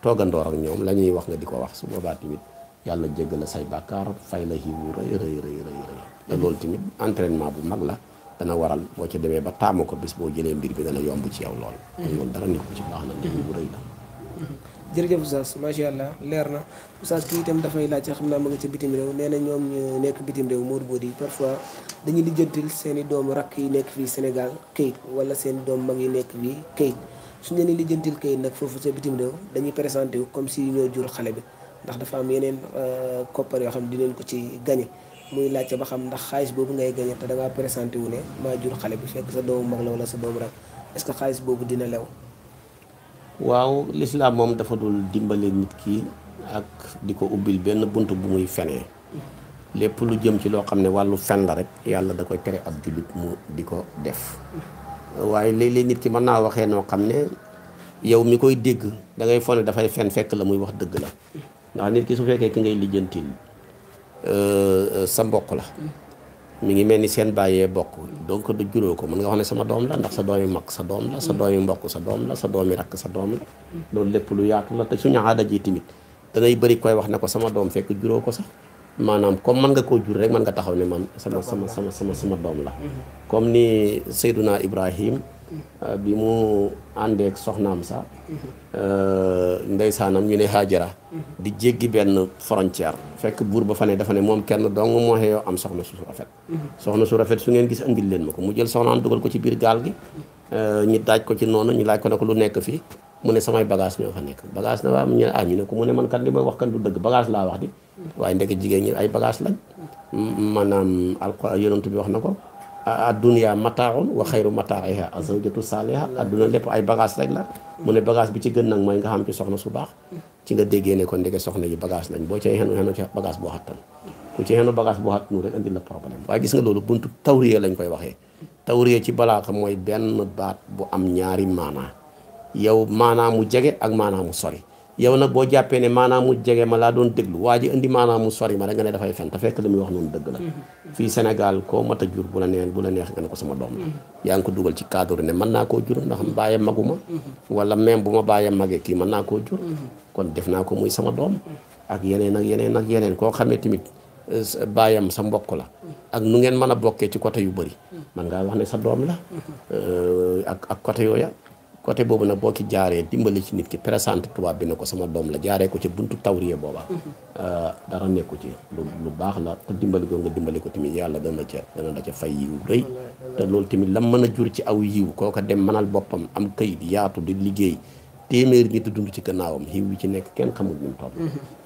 toogandoor ak ñoom la ñuy wax nga di ko wax su boobaa tamit yàlla jéggal la say bàkkaar fay la xiiwu rëy rëy rëy rëy loolu tamit entraînement bu mag la dana waral boo ci demee ba taamu ko bis boo jënee mbir bi dana yomb ci yow lool. Mm-hmm. loolu dara nekk ci baax na mbir bu rëy la. Mm-hmm. jërëjëf Oustaz macha allah leer na Oustaz kii itam dafay laaj xam naa ma nga ca bitim réew nee na ñoom ñu nekk bitim réew Modou Bodi parfois dañuy lijjantil seeni i doomu rakk yi nekk fii Sénégal këyit wala seen i doom mag yi nekk fii këyit su leen di lijjantil këyit nag foofu ca bitim réew dañuy présenté wu comme si ñoo jur xale bi ndax dafa am yeneen euh, koppar yoo xam ne dinañ ko ci gagné. muy laajte ba xam ndax xaalis boobu ngay gañe te da présenté wu ne maa jur xale bi fekk sa doomu mag la wala sa doomu rek est-ce que xaalis boobu dina lew waaw lislaam moom dafa dul dimbale nit ki ak di ko ubbil benn bunt bu muy fenee lépp lu jëm ci loo xam ne wàllu fen la rek yàlla da koy tere ab jullit mu di ko def waaye léeg-léeg nit ki mën naa waxee noo xam ne yow mi koy dégg dangay ngay dafay fen fekk la muy wax dëgg la ndax nit ki su fekkee ki ngay lijjantil Euh, sa mbokk la mi ngi melni sen baye bàyyee bokk donc du juro ko man nga xone sama domla, la ndax sa domi mak sa dom la sa domi mbokk sa dom la sa domi rak sa dom la loolu lepp lu yaatu la te suñu aada ji da ngay bari koy wax ne ko sama dom fekk juro ko sax manam comme man nga ko jur rek man nga taxaw ne man sama sama sama sama sama dom la comme ni sayyiduna Ibrahim euh, bi mu ak soxnam sa Euh, ndeysaanam ñu ne Haajara di jéggi benn frontière fekk buur ba fa ne dafa ne moom kenn dong moo xëyoo am soxna su rafet soxna su rafet su ngeen gis andil leen ma ko mu jël soxnaam dugal ko ci biir gaal gi euh, ñu daaj ko ci noonu ñu laaj ko ne ko lu nekk fii mu ne samay bagage ñoo fa nekk bagage na waa mu ne ah ñu ne ko mu ne man kat li may wax kan du dëgg bagage laa wax di waaye ndeke jigéen ñi ay bagage lañ maanaam alquran yonent bi wax na ko addunya mataaxun wa xayru mataaxiha azawjatu saaliha adduna lépp ay bagage rek la mu ne bagage bi ci gën nag mooy nga xam ci soxna su baax ci nga déggee ne kon ndeke soxna yi bagage lañ boo ci xenu xenu ci bagage boo xattan ku ci xenu bagage boo xattanu rek andi la problème waaye gis nga loolu buntu tawriye lañ koy waxee tawriye ci balaa balaaka mooy benn baat bu am ñaari maanaa yow maanaa mu jege ak maanaa mu sori yow nag boo jàppee ne maanaam mu jege ma laa doon déglu waa ji indi maanaam mu sori ma rek nga ne dafay fen te fekk li wax noonu dëgg la mm-hmm. fii Sénégal koo mat jur bu la neex bu la neex nga ko sama doom la mm-hmm. yaa ko dugal ci cadre ne mën naa koo jur ndax mm-hmm. bàyyee maguma wala même bu ma bàyyee magee kii mën naa koo jur kon def naa ko muy sama doom ak yeneen ak yeneen ak yeneen koo xam ne tamit euh, baayam sa mbokk la ak nu ngeen mën a bokkee ci côté yu bëri man ngaa wax ne sa doom la euh, ak ak côté yooya côté boobu nag boo ci jaaree dimbali ci nit ki présente tubaab bi ne ko sama doom la jaaree ko ci buntu tawriye booba mhm. euh, dara nekku ci lu lu baax la te dimbali ko nga dimbali ko tamit yàlla dana ca dana la ca fay yiw rëy te loolu tamit lam mën a jur ci aw yiw kooka dem manal boppam am kayit yaatu di liggéey téeméer nit di dund ci gannaawam xiw yi ci nekk kenn xamul ni mu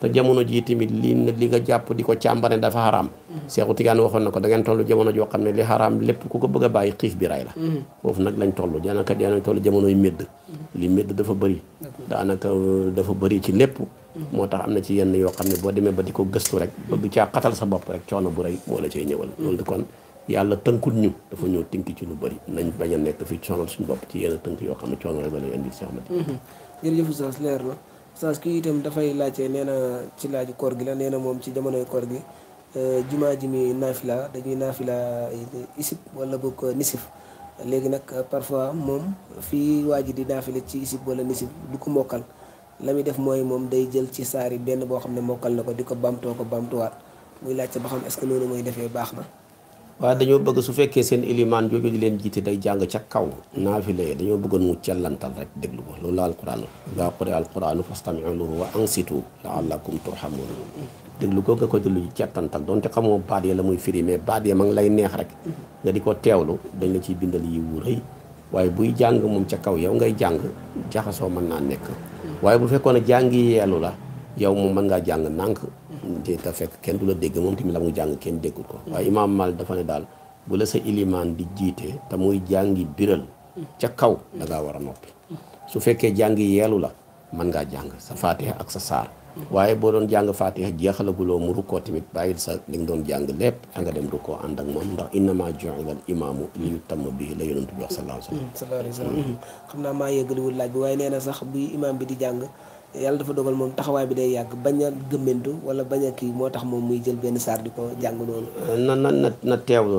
te jamono jii tamit li li nga jàpp di ko càmbane dafa xaraam Seexu Tidiane waxoon na ko da ngeen toll jamono joo xam ne li xaraam lépp ku ko bëgg a bàyyi bi ray la mm-hmm. foofu nag lañ toll daanaka daanañ toll jamonoy médd mm-hmm. li dafa bëri daanaka dafa bëri ci lépp mm-hmm. moo tax am na ci yenn yoo xam ne boo demee ba di ko gëstu rek bëgg caa xatal sa bopp rek coono bu rëy moo la cay ñëwal loolu di kon yàlla tënkul ñu dafa ñëw tink ci lu bëri nañ bañ a nekk fi sonal suñu bopp ci yenn tënk yoo xam ne coono si Ahmed mhm. jërëjëf Oustaz na Oustaz kii itam dafay laajte nee na ci laaju koor gi la nee na moom ci jamonoy koor gi euh, jumaa ji mi naafila dañuy naafila isib wala boog nisif léegi nag parfois moom fii waa ji di naafila ci isib wala nisif du ko mokkal la muy def mooy moom day jël ci saari benn boo xam ne mokkal na ko di ko bamtoo ko muy laajte ba xam est-ce loolu mooy defee baax na waaye dañoo bëgg su fekkee seen iliman jooju di leen jiite day jàng ca kaw naafila yi ya, dañoo bëggoon mu cellantal rek déglu ko loolu la alquran daa quri alquran fastamiu lahu wa ansitu laallakum turhamun déglu ko nga koy déglu ci cellantal donte xamoo baat ya la muy firi mais baat ya ma ngi lay neex rek nga di ko teewlu dañ la ciy bindal yi wu rëy waaye buy jàng moom ca kaw yow ngay jàng jaxasoo mën naa nekk waaye bu fekkoon ne jàngi yeelu la yow moom mën ngaa jàng nànk te fekk kenn du la dégg moom tamit la mu jàng kenn déggul ko waaye imaam Maalik dafa ne daal bu la sa ilimaan di jiite te muy jàngi biral ca kaw da war a noppi su fekkee jàngi yeelu la mën ngaa jàng sa faatiha ak sa saar waaye boo doon jàng faatiha jeexalaguloo mu rukkoo tamit bàyyil sa li nga doon jàng lépp da nga dem rukkoo ànd ak moom ndax innama ju'ila al imaamu li yutamma bihi la yonent bi wax sallallahu alayhi wa sallam xam naa sax bu imaam bi di jàng yalla dafa dogal mom taxaway bi day yag baña gemendu wala baña ki motax mom muy jël ben sar diko jang non na na na na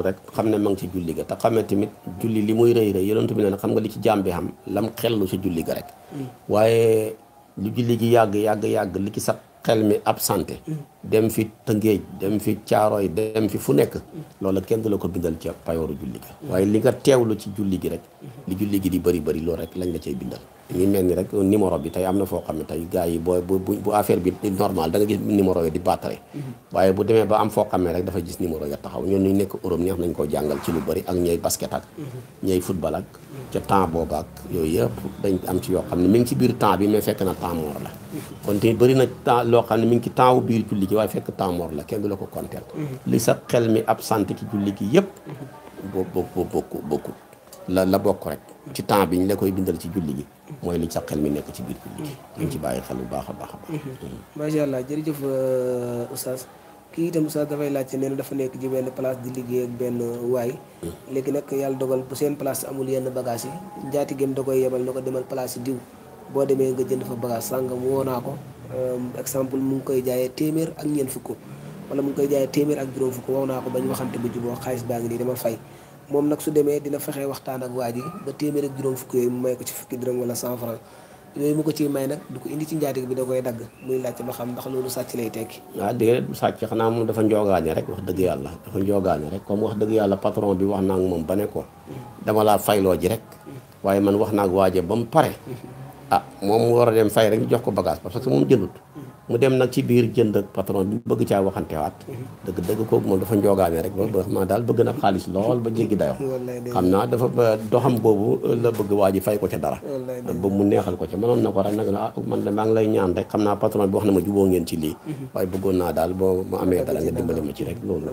rek xamne ne ci julli ga ta xamne tamit julli li muy reey reey yonentu bi xam nga li ci jambi xam lam xellu si julli ga rek mm. waye lu julli gi yag yag yag li ci sat xel mi absenté mm. dem fi tëngéej dem fi caaroy dem fi fu nekk mm. loolu kenn du la ko bindal ca payooru julli ga mm. waaye li nga lu ci julli gi rek mm-hmm. li julli gi di bari bari loolu rek lañ la cay bindal ñu mel ni rek numéro bi tey am na foo xam ne tey gars yi boo bu affaire bi normal da nga gis numéro yi di battare mm-hmm. waaye bu demee ba am foo xam ne rek dafa gis numéro ya taxaw ñun ñu nekk Europe neex nañ koo jàngal ci lu bari ak ñey basket ak mm-hmm. ñey football ak ca temps booba ak yooyu yëpp dañ am ci yoo xam ne mi ngi ci biir temps bi mais fekk na temps mort la kon te bëri na temps loo xam ne mi ngi ci temps wu biir julli gi waaye fekk temps mort la kenn du la ko konteel mhm. li sa xel mi absenté ci julli gi yëpp mhm. bo bo bokku bokkut la la bokk rek ci temps bi ñu la bindal ci julli gi mooy li sa xel mi nekk ci biir julli gi dañ mhm. ci bàyyi xel bu baax a baax a baax macha allah euh, kii itam sax dafay laajte nee na dafa nekk ci benn place di liggéey ak benn waay hmm. léegi nag yàlla dogal bu seen place amul yenn bagage yi njaatigéem da koy yemal na ko demal place diw boo demee nga jënd fa bagage sàngam woo naa ko exemple mu ngi koy jaayee téeméer ak ñeent fukk wala mu ngi koy jaayee téeméer ak juróom fukk wax naa ko ba ñu waxante bu juboo xaalis baa ngi nii dama fay moom nag su demee dina fexee waxtaan ak waa ji ba téeméer ak fukk yooyu ko ci fukki dërëm wala cent yooyu mu ko ci may nag du ko indi ci njaatig bi da koy dagg muy laajte ba xam ndax loolu sàcc lay tekki waaw ah, déedéet bu sàcc xanaa moom dafa njoogaane rek wax dëgg yàlla dafa njoogaane rek comme wax dëgg yàlla patron bi wax naa moom ba ne ko dama laa fayloo ji rek waaye man wax naa ak ba mu pare ah moom mu war a dem fay rek jox ko bagage parce que moom jëlut mu dem nag ci biir jënd ak patron bi bëgg caa waxantewaat dëgg dëgg kooku moom dafa njoogaane rek ba xam daal bëgg na xaalis lool ba jéggi dayo xam naa dafa doxam boobu la bëgg waa ji fay ko ca dara ba mu neexal ko ca mënoon na ko rek nag ah man de maa ngi lay ñaan rek xam naa patron bi wax na ma mhm. ma amee dara nga dimbale ma ci rek loolu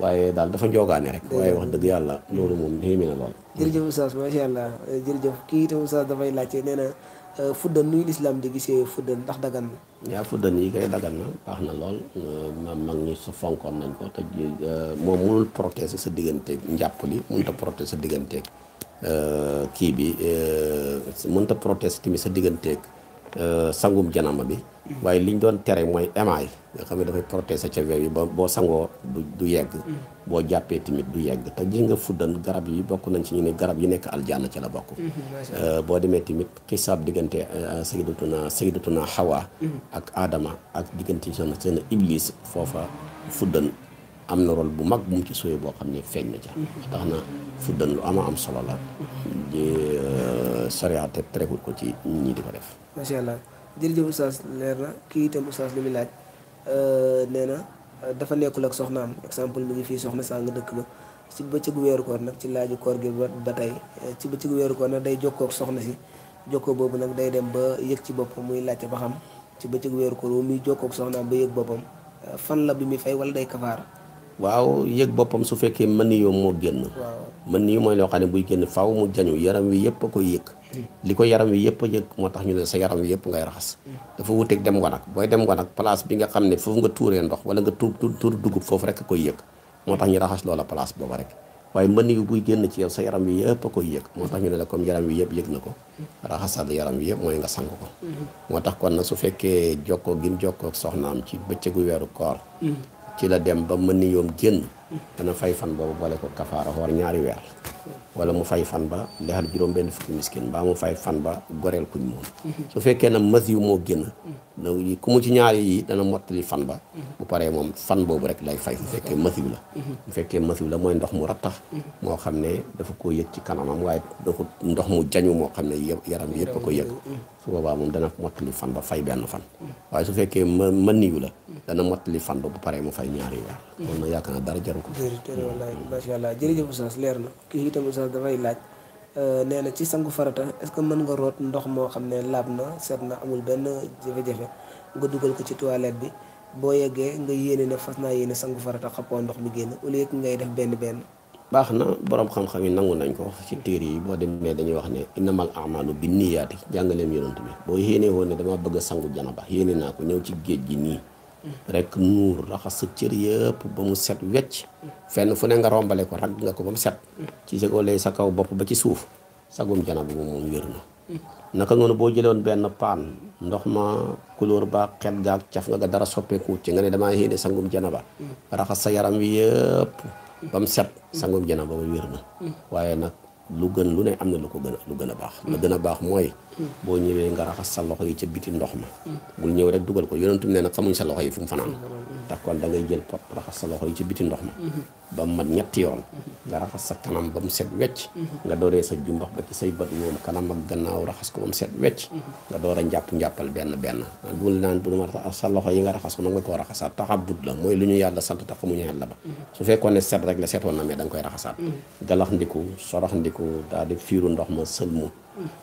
waaye daal dafa njoogaane rek waaye wax dëgg yàlla loolu moom xéemi lool jërëjëf oustaz Eh, fuddan nuy l'islam di gisee fuddan ndax dagan na yaa fuddan yi kay dagan na baax na lool eh, eh, ma mag ñi su fonkoon nañ ko te moom mënul protéger sa diggante njàpp li mënta protéger sa diggante kii bi mënta protéger tamit sa digganteeg Euh, sangum janama bi waaye liñ doon tere mooy émail nga xam ne dafay protéger ca wew yi ba boo sangoo du yegg mm. boo jàppee tamit du yegg te gis nga fuddan garab yi bokk nañ ci ñu ne garab yi nekk aljanna ci la bokk mm-hmm, euh, boo demee tamit xisaab diggante euh, sayyidatuna sayyidatuna Hawa mm-hmm. ak aadama ak diggante seen seen iblis foofa fuddën am na rôle bu mag bu mu ci sooyee boo xam ne feeñ na ca mm-hmm. tax na fuddan lu ama am solo la di sariya te terewul ko ci ñi di ko def macha allah jërëjëf Oustaz leer na kii itam Oustaz li muy laaj euh, nee na dafa nekkul ak soxnaam exemple mi ngi fii soxna sàng dëkk ba si bëccëgu weeru nag ci laaju koor gi ba tey euh, ci bëccëgu weeru koor nag day jokkoo soxna si jokkoo boobu nag day dem ba yëg ci boppam muy laajte ba xam ci bëccëgu weeru koor muy jokkoo ak soxnaam ba yëg boppam euh, fan la bi muy fay wala day kafaar waaw yëg boppam su fekkee mën ni yow moo génn mën ni mooy loo xam ne buy génn faw mu jañu yaram wi yëpp a koy yëg li ko yaram wi yëpp a yëg moo tax ñu ne sa yaram wi yëpp ngay raxas dafa wuteeg dem wanag booy dem wanag place bi nga xam ne foofu nga tuuree ndox wala nga tuur tuur dugub foofu rek a koy yëg moo tax ñu raxas loola place booba rek waaye mën yu buy génn ci sa yaram wi yëpp a koy moo tax ñu ne la comme yaram wi yëpp yëg na ko raxasal yaram wi yëpp mooy nga sang ko moo tax kon na su fekkee jokkoo gin jokkoo am ci bëccëgu weeru koor ci la dem ba mën yoom génn dana fay fan boobu boole ko kafaara xoor ñaari weer wala mu fay fan ba lexal juróom benn fukki miskin mbaa mu fay fan ba goreel kuñ moom su fekkee na mas yu moo génn donc ku mu ci ñaari yi dana mottali fan ba bu paree moom fan boobu rek lay fay bu fekkee mas yu la bu fekkee mas yu la mooy ndox mu rattax moo xam ne dafa ko yëg ci kanamam waaye dafa ndox mu jañu moo xam ne yaram yëpp a ko yëg su boobaa moom dana mottali fan ba fay benn fan waaye su fekkee mën niyu la dana mottali li fando bu pare mu fay ñaari weer loolu na yakana dara jaru ko ma sha allah jërëjëf sans leer na kii itam oustaz dafay laaj euh neena ci sangu farata est ce que man nga rot ndox mo xamne ne setna amul ben jafe-jafe nga duggal ko ci toilette bi bo yegge nga yene ne fasna yene sangu farata xapo ndox mi génn au lieu ngay def ben ben baxna borom xam-xam ni nangu nañ ko ci téré yi bo demee dañuy wax né innamal amalu bi niyaati yoonte bi bo yéné woon dama bëgg sangu janaba yéné na ko ñëw ci géej gi ni rek muur raxas sa cër yëpp ba mu set wecc fenn fu ne nga rombale ko ragg nga ko ba mu set ci sa lay sa kaw bopp ba ci suuf sagum janab bi moom wér na ne boo jëloon benn paan ndox ma couleur ba xet gaag caf nga dara soppeeku ci nga ne damaa yéene sangum janaba raxas sa yaram wi yëpp mu set sangum janaba ba wér na mm. waaye nag lu gën lu ne am na lu ko gën lu gën a baax la gën a baax mooy boo ñëwee nga raxas sa loxo yi ca biti ndox ma bul ñëw rek dugal ko yonentum ne nag xamuñ sa loxo yi fu fanaan te kon da ngay jël pot raxas sa loxo yi ci biti ndox ma mhm. ba mu mat ñetti yoon mhm. nga raxas sa kanam ba mu set wecc mhm. nga dooree sa jumbax ba ci say bët moom kanam ak gannaaw raxas ko ba mu set wecc nga door a njàpp njàppal benn benn bul naan bu ma sa loxo yi nga raxas ko nag nga koo raxasaat taxabut la mooy lu ñu yàlla sant tax mu ñu yàlla ba su fekkoon ne set rek la setoon na mais da nga koy raxasaat galax ndiku sorox ndiku daal di fiiru ndox ma sëlmu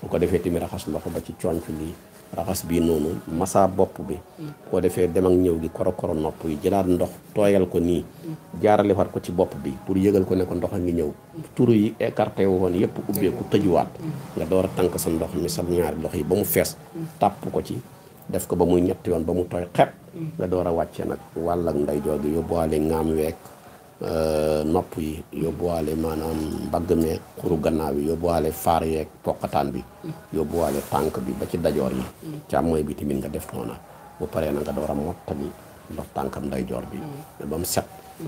mu ko defee tamit raxas loxo ba ci coonc lii raxas bi nonu massa bop bi ko defé dem ak ñew gi koro koro nopp yi jëlaat ndox toyal ko ni jaarale waat ko ci bop bi pour yëgal ko ne ko ndox a ngi turu yi écarté woon ko ubbeeku waat nga door tank sa ndox mi sa ñaar ndox yi ba mu fess tap ko ci def ko ba muy ñetti yoon ba mu toy xet nga doora wacce nak ak Euh, nopp yi yóbbuwaale maanaam mbagg meeg xuru gannaaw yi yóbbuwaale faar yeeg poqataan bi yóbbuwaale tànk bi ba ci dajoor yi càmmooy bi tamit nga def noona bu paree na nga door a mottali ndox tànkam ndeyjoor bi ba mu set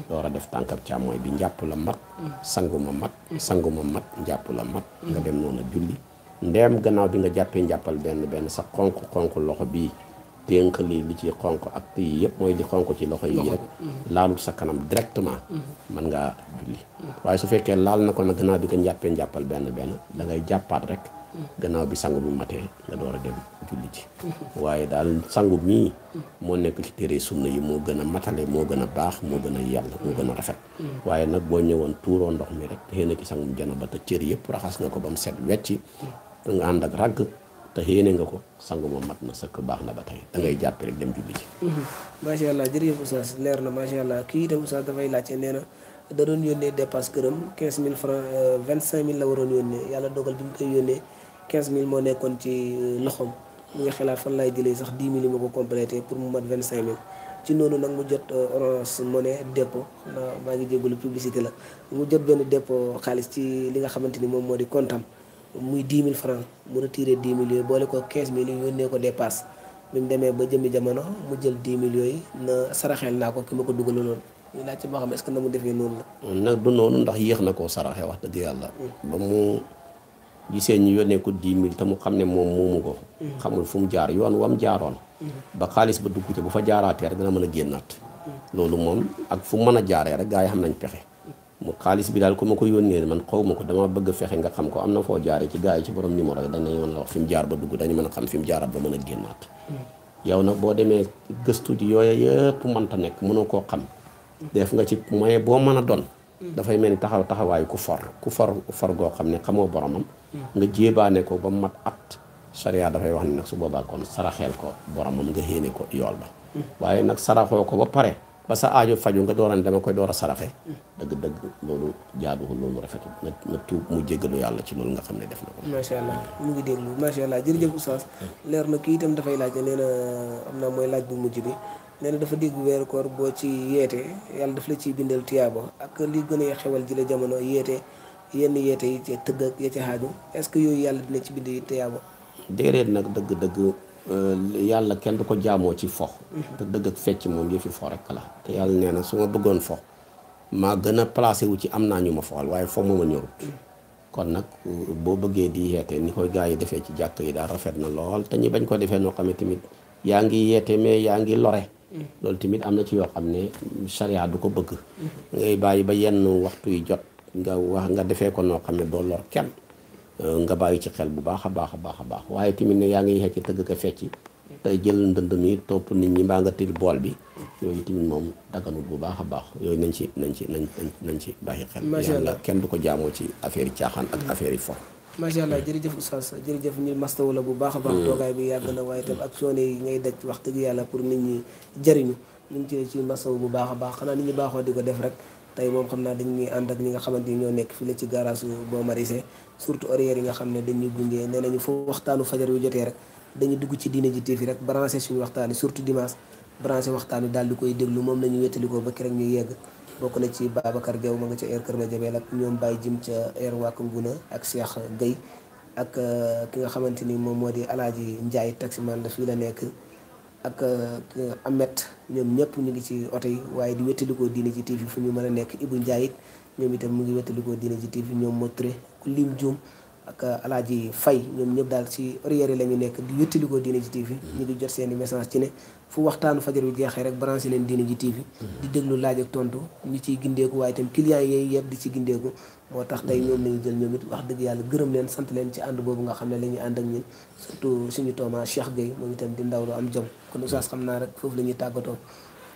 door a def tànkam càmmooy bi njàpp la mat ma mat sanguma mat njàpp la mat nga dem noona julli ndeem gannaaw bi nga jàppee njàppal benn benn sa xonk xonk loxo bii dénk lii li ci xonq ak yi yëpp mooy li xonq ci loxo yi rek laalul sa kanam directement mm-hmm. mën ngaa julli waaye su fekkee laal na ko na gannaaw bi ko njàppee njàppal benn benn dangay jàppaat rek mm-hmm. gannaaw bi sangu bi matee nga door a dem julli ci mm-hmm. waaye daal sangu mii moo nekk ci téere sunna yi moo gën a matale moo gën a baax moo gën a yàll moo gën a rafet waaye nag boo ñëwoon tuuroo ndox mi rek téye na ci sangum jana ba te cër yëpp raxas nga ko ba mu set wecc nga ànd ak ragg te yéene nga ko sangu mat na sëkk baax na ba tey da ngay rek dem julli ji. Mhm. macha allah jërëjëf oustaz leer na macha allah kii itam oustaz dafay laajte nee na da doon yónnee dépasse këram 15000 francs 25000 euh, la waroon yónnee yàlla dogal bi mu koy yónnee moo nekkoon ci euh, loxoom mu ngi xalaat fan laay jëlee sax 10 000 yi ma ko complété pour mu mat 25000. ci noonu nag mu jot euh, Orange Money dépôt maa ngi jégalu publicité la mu jot benn li nga xamante ni moom moo di muy 10 000 francs mu retiré 10 000 yooyu boole ko 15 000 yooyu yónnee ko dépasse bi mu demee ba jëmmi jamono mu jël 10 000 yooyu na saraxeel naa ko ki ma ko dugaloon ñu laajte boo xam ne est-ce que defee noonu la. Mm, nag du noonu ndax yéex na koo saraxe wax dëgg yàlla. Mm. ba mu gisee ñu yónnee ko 10 000 te mu xam ne moom mu ko. Mm. xamul fu mu jaar yoon wam jaaroon. ba xaalis ba dugg te bu fa jaaraatee rek dana mën a génnaat. loolu moom ak fu mën a jaaree rek gaa yi xam nañ pexe. mu xaalis bi daal ku ma ko yónnee man xaw ma ko dama bëgg fexe nga xam ko am na foo jaare ci gars yi ci borom numéro yi dañ mën la wax fi mu jaar ba dugg dañu mën a xam fi mu a hmm. yow nag boo demee gëstu ji yooyu yëpp mënta nekk mënoo koo xam def nga ci moyen boo mën a doon hmm. dafay mel ni taxaw taxawaayu ku for ku for for goo xam ne xamoo boromam hmm. nga jéebaane ko ba mu mat at sariya dafay wax ne nag su boobaa kon saraxeel ko boromam nga xéene ko yool ba waaye nag saraxoo ko ba pare ba sa aajo faju nga dooraan dama koy door a saraxe dëgg-dëgg loolu jaaduwul loolu rafetul na na tuub mu yàlla ci loolu nga xam ne def na ko macha allah ñu ngi déglu macha allah jërëjëf oustaz leer na kii itam dafay laaj ne nee na am naa mooy laaj bu mujj bi nee dafa dégg weeru koor boo ci yeete yàlla daf la ciy bindal tiyaaba ak li gën a xewal ji la jamono yeete yenn yeete yi ca tëgg ak ya ca xaaju est ce que yooyu yàlla dina ci bind yi tiyaaba déedéet nag dëgg-dëgg Euh, yàlla kenn du ko jaamoo ci fo te dëgg ak fecc moom yëfi fo rek la te yàlla nee na su ma bëggoon fo maa gën a placé wu ci am naa ñu ma foxal waaye fo mooma ñorut kon nag euh, boo bëggee di yeete ni koy gars yi defee ci jàkk yi daal rafet na lool te ñi bañ ko defee noo xam ne tamit yaa ngi yeetee mais yaa ngi lore loolu tamit am na ci yoo xam ne charia du ko bëgg ngay bàyyi ba yenn waxtu yi jot nga wax nga defee ko noo xam ne doo lor kenn Euh, nga bàyyi ci xel bu baax a baax a baax a baax waaye tamit na yaa ngi yéex ci tëgg ko fecc tey jël ndënd mi topp nit ñi mbaa nga til bool bi yooyu tamit moom daganul bu baax a baax yooyu nañ ci nañ ci nañ nañ ci bàyyi xel yàlla kenn du ko jaamoo ci affaire yi caaxaan ak mm. affaire yi fo macha allah jërëjëf oustaz jërëjëf ñu mastawu la bu baax a baax mm. toogaay bi yàgg na waaye itam ak soone yi dëgg yàlla pour nit ñi jëriñu ñu ngi ci ci mastawu bu baax a baax xanaa nit ñi baaxoo di ko def rek tey moom xam naa dañuy ànd ak ñi nga xamante ni ñoo nekk fii la ci garage Bon Marché surtout horaires yi nga xam ne dañuy gunge nee nañu foofu waxtaanu fajar yu jotee rek dañu dugg ci diine ji TV rek branché suñu waxtaan surtout dimanche branché waxtaan wi daal di koy déglu moom la ñu wettalikoo ba rek ñu yegg bokk na ci Babacar Diaw ma nga ca air Kër Madiabel ak ñoom Baye Jim ca air Wack Ngouna ak Cheikh Gueye ak euh, ki nga xamante ni moom moo di Alaaji Ndiaye taximan la fii la nekk ak euh, Amet ñoom ñëpp ñu ngi ci oto yi waaye di wettalikoo diine ji fu ñu mën a nekk Ibou Ndiaye ñoom itam mu ngi wettalikoo diine ji TV ñoom moo ture ku lim juum ak alaaji fay ñoom ñëpp daal ci horaire yi ñu nekk di wettalikoo diine ji TV mm-hmm. ñu ngi jot seen i message ci ne fu waxtaanu fajar bi jeexee rek branché leen diine ji TV mm-hmm. di déglu laaj ak tontu ñu ciy gindeeku waaye itam clients yooyu yëpp di ci gindeeku moo tax tey ñoom lañu jël ñoom it wax dëgg yàlla gërëm leen sant leen ci ànd boobu nga xam ne la ñuy ànd ak ñun surtout suñu tooma Cheikh Gueye moom itam ndaw lu jom kon oustaz xam naa rek foofu la ñuy tàggatoo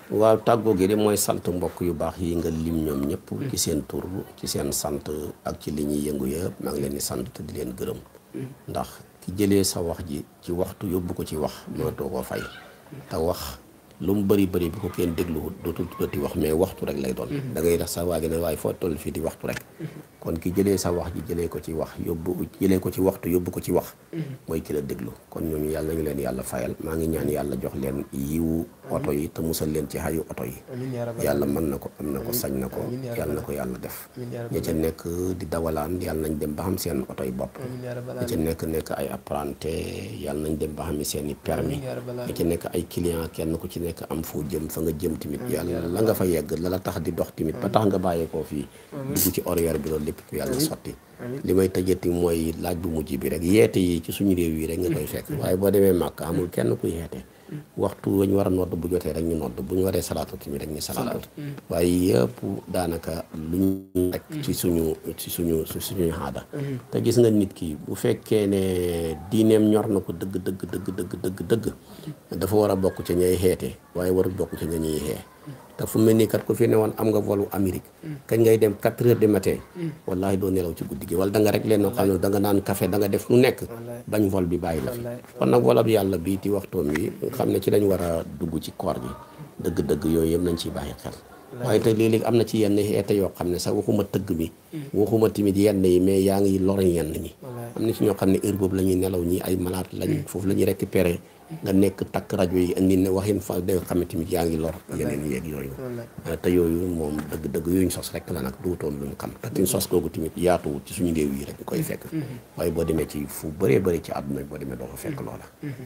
wa taggo gi de moy sante mbokk yu bax yi nga lim ñom ñepp mm. ci seen tour ci seen sante ak ci li ñuy yëngu yëpp maa ngi leen di sant te di leen gëreum mm. ndax ki jëlé sa wax ji ci waxtu yobbu ko ci wax mënatoo ko fay ta wax lu mu bari bari bu ko kenn dégluwut dootul tuddati wax mais waxtu rek lay doon mm-hmm. da ngay tax sa waa ne toll fi di waxtu rek kon ki jele sa wax ji jele ko ci wax yobbu jele ko ci waxtu yobbu ko ci wax moy ki la deglu kon ñooñu yalla nañu leen yalla fayal ma ngi ñaan yalla jox leen yiwu auto yi te musal leen ci hayu auto yi yalla man nako am nako sañ nako yalla nako yalla def ya ña ci nek di dawalan yalla nañ dem ba xam seen auto yi bop ya ña ci nek nek ay apprenté yalla nañ dem ba xam seen permis ya ña ci nek ay client kenn ku ci nek am foo jëm fa nga jëm timit yalla la nga fa yegg la la tax di dox timit ba tax nga ko fi dugg ci or weer bi loolu lépp yàlla na sotti li may tëjati mooy laaj bu mujj bi rek yeete yi ci suñu réew yi rek nga koy fekk waaye boo demee màkk amul kenn kuy yeete waxtu wañ war a nodd bu jotee rek ñu nodd bu ñu waree salaatu tamit rek ñu salaatu mm. waaye yëpp daanaka lu ñu rek mm. ci suñu ci suñu suñu aada mm. gis nga nit ki bu fekkee ne diineem ñor na ko dëgg dëgg dëgg dëgg dëgg dëgg dafa wara a bokk ci ñay xeete waaye warul bokk ci ña ñuy xee te fu mel nii kat ko fi ne woon am nga volu Amérique mm. kañ ngay dem quatre heures du matin mm. wallaahi doo nelaw ci guddi gi wala da nga rek leen noo xam ne da nga naan da nga def lu nekk bañ vol bi bàyyi la fi kon nag volab yàlla bii ti waxtoom yi xam ne ci lañ war a dugg ci koor gi dëgg-dëgg yooyu yëpp nañ ci ciy bàyyi xel waaye te léeg-léeg am na ci yenn xeete yoo xam ne sax waxuma tëgg mi mm. waxuma timit yenn yi mais yaa ngi loroñ yenn ñi am na si ñoo xam ne heure boobu la ñuy nelaw ñi ay malade foofu la ñuy récupéré nga nekk takk rajo yi indi ne waxin fa da nga xamante ni yaa ngi lor yeneen yeeg yooyu ah, te yooyu moom dëgg-dëgg yooyu ñu sos rek la nag duutoon luñ xam te tin sos googu tamit yaatuwut ci suñu réew yi rek koy fekk mm-hmm. Mm-hmm. waaye boo demee ci fu bëree bëri ci àdduna boo demee doo ko fekk mm-hmm. loola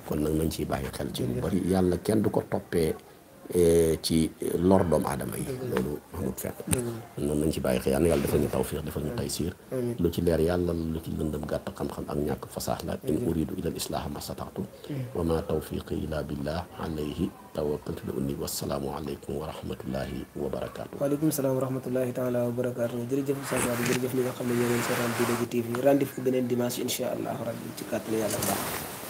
kon nag nañ ciy bàyyi xel ci yàlla kenn du ko toppee Eh, ci lor doomu aadama yi loolu amut fenn mm-hmm. noonu nañ ci bàyyi xel yal na yàlla defal ñu tawfiix defal ñu taysiir lu ci leer yàlla lu ci lëndëm gàtt xam-xam ak ñàkk fasaax la in mm-hmm. uridu ila al ma sataxtu mm-hmm. wa ma tawfiqi ila billah alayhi tawakkaltu la unni wasalaamu aleykum wa rahmatullahi wa barakaatu waaleykum salaam wa rahmatullahi taala wa barakaatu jërëjëf Oustaz Wade jërëjëf li nga xam ne yéen a ngi seetaan Bidew TV rendez-vous beneen dimanche incha allah rabbi ci